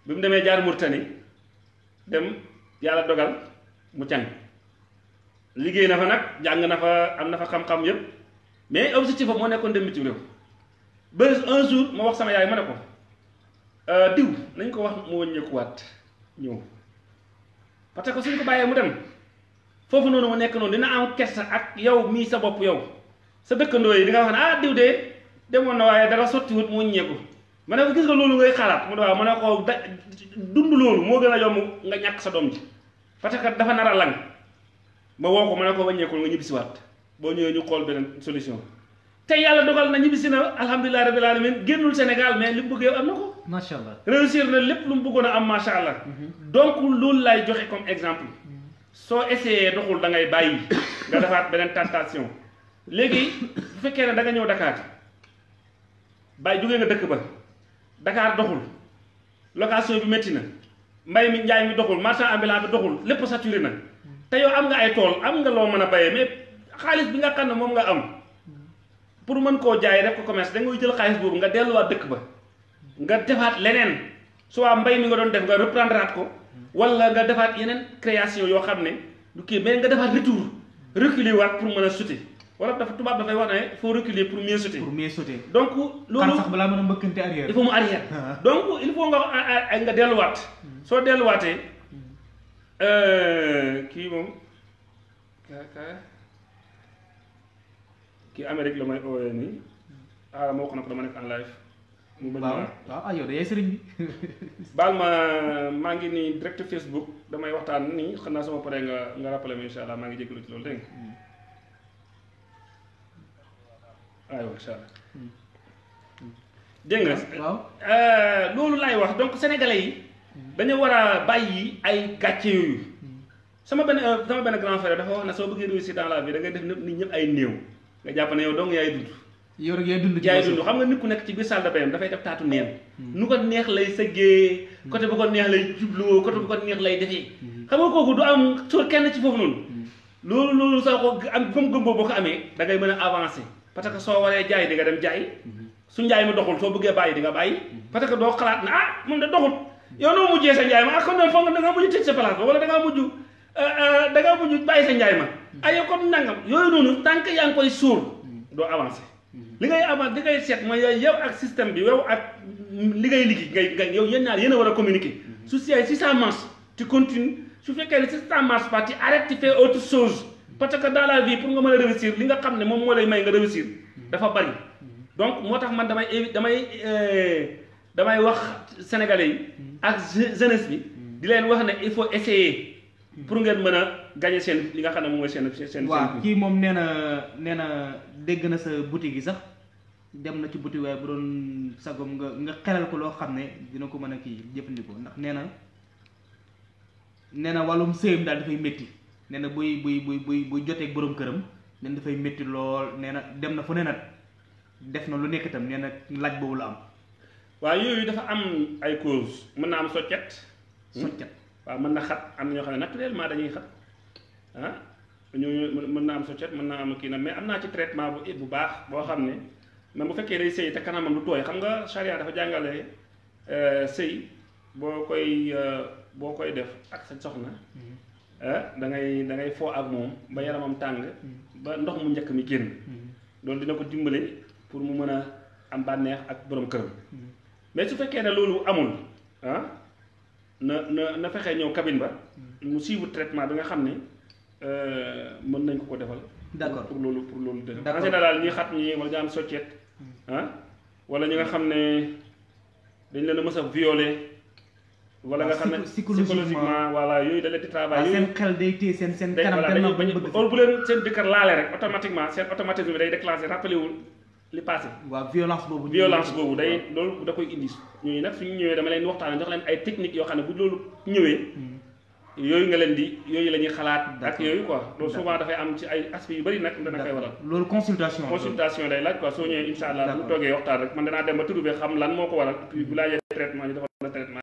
bi mu demee jaar Murtani dem yàlla dogal mu càng liggéey na fa nag jàng na fa am na fa xam-xam yépp mais objectif am moo nekkoon dem bitim réew ba un jour ma wax sama yaay ma ne ko euh, diw nañ ko wax mu ñëw parce que suñ ko bàyyee mu dem foofu noonu mu nekk noonu dina am sa ak yow mii sa bopp yow sa dëkkandoo yi di nga wax ne ah diw de demoon na waaye dara sottiwut mu ñeeku ma ne ko gis nga loolu ngay xalaat ma ne ko da dund loolu moo gën a yomb ñàkk sa doom ji parce que dafa nar a lang ma woo ko ma ne ko wàññeekul nga ñibbisiwaat boo ñëwee ñu xool beneen solution te yàlla dogal na ñibbisi na alhamdulilah rabil alamin génnul Sénégal mais li mu bëggee am na ko. macha allah réussir na lépp lu mu bëggoon a am macha allah. Mhm. donc loolu laay joxe comme exemple. soo essayé doxul da ngay bàyyi nga defaat beneen tentation léegi bu fekkee ne da ñëw Dakar bàyyi jógee nga dëkk ba Dakar doxul location bi metti na mbay mi njaay mi doxul marchand ambulant bi doxul lépp saturé na te yow am nga ay tool am nga loo mën a bayee mais xaalis bi nga xam ne moom nga am pour mën koo jaay def ko commerce da ngay jël xaalis boobu nga delluwaat dëkk ba nga defaat leneen soit mbay mi nga doon def nga reprendre ko. wala nga defaat yeneen création yoo xam ne lu kii mais nga defaat retour reculer waat pour mën a sauter wala dafa tubaab dafay wax ne faut reculer pour mieux sauter. pour mieux sauter donc. balaa mën a mbëkkante arrière. il faut mu arrière ah. donc il faut nga nga delluwaat. soo delluwaatee euh, kii moom kii Amérique la may oowee nii ah ma wax na ko dama nekk en live. waaw waaw ah, ah yow de yaay sëriñ bi. baal maa ngi nii direct Facebook damay waxtaan nii xam naa sama pare nga nga rappelé ma allah maa ngi jégalu ci loolu dégg nga. Hmm. Hmm. aywa incha allah. Hmm. dégg nga. waaw euh, loolu laay wax donc sénégalais yi. dañoo war a bàyyi ay gàcce yooyu. sama benn euh, sama benn grand frère dafa wax ne soo bëggee réussir dans la vie da ngay def nit ñëpp ay néew nga jàpp ne yow dong yaay dund. yow xam nga nit ku nekk ci biir salle de bain dafay def taatu neen hmm. ko neex lay sëggee hmm. côté bu ko neex lay jubloo côté bu ko hmm. kooku du am soo kenn ci foofu noonu loolu loolu soo ko am gëm boo ko amee da ngay mën a avancer parce que soo waree jaay di nga dem jaay su njaay mi doxul soo bëggee bàyyi di nga bàyyi parce que doo xalaat ne ah mun de doxul yow noo mujjee sa njaay ma ah kon nag foog nga euh, euh, da ngaa mujj bàyyi sa njaay ma ay yow kon nangam yooyu noonu tànk que yaa ngi koy suur doo avancer li ngay avant li ngay seet mooy ak système bi yow ak li ngay liggéey ngay yow yéen ñaar yéen a war a communiquer su see si ça marche su fekkee ne si ça marche pas tu arrêtes parce que la vie pour nga mën a réussir li nga xam ne moom moo lay may nga réussir dafa bari donc moo tax man damay damay euh, damay wax sénégalais yi ak jeunesse bi di leen wax ne il faut essayer pour ngeen mën a gagner seen li nga xam ne moom mooy seen seen. waaw kii moom nee na nee na dégg na sa boutique yi sax. dem na ci buti waaye bu doon sagom nga nga xelal ko loo xam ne dina ko mën a kii jëfandikoo ndax nee na nee na wàllum sëyam daal dafay métti nee na buy buy buy buy buy joteeg borom këram nee dafay métti lool nee na dem na fu ne def na lu nekk itam nee laaj boobu la am. yooyu dafa am ay cause mën na am soccet. Hmm? soccet waaw na xat am na ñoo xam ne naturellement dañuy xat ah ñooñu mën na am soccet mën na am kii nag mais am naa ci traitement bu bu baax boo xam ne. même bu fekkee day sëy te kanamam lu tooy xam nga charia dafa jàngale euh, sëy boo koy euh, boo koy def ak sa soxna mm-hmm. euh, da ngay da ngay foo ak moom ba yaramam tàng mm-hmm. ba ndox mu njëkk mi génn mm-hmm. loolu dina ko dimbale pour mu mën a am bànneex ak borom kër mais su fekkee ne loolu amul ah na na na fexee ñëw cabine ba mu suivre traitement bi nga xam ne mën nañ ko ko defal d'accord pour loolu pour loolu dëgg en général ñi xat ñi wala ñu am soccet ah wala ñu nga xam ne dañ leen a mës a violé nga xam ne psychologiquement voilà yooyu da leen di travail yooyu seen xel day téye seen seen kanam kanam bañ bëgg bu leen seen jëkkër laale rek automatiquement seen automatisme bi day déclenché rappelé wul li passé waaw violence boobu violence boobu day loolu da koy indi ñooñu nag suñu ñëwee dama leen waxtaane jox leen ay techniques yoo xam ne bu loolu ñëwee hmm. yooyu nga leen di yooyu la xalaat. ak yooyu quoi loolu souvent dafay am ci ay aspects yu bëri nag dana koy waral. loolu consultation consultation day laaj quoi soo ñëwee incha allah bu toogee waxtaan rek man danaa dem ba trouvé xam lan moo ko waral bu laajee traitement ñu defal la traitement.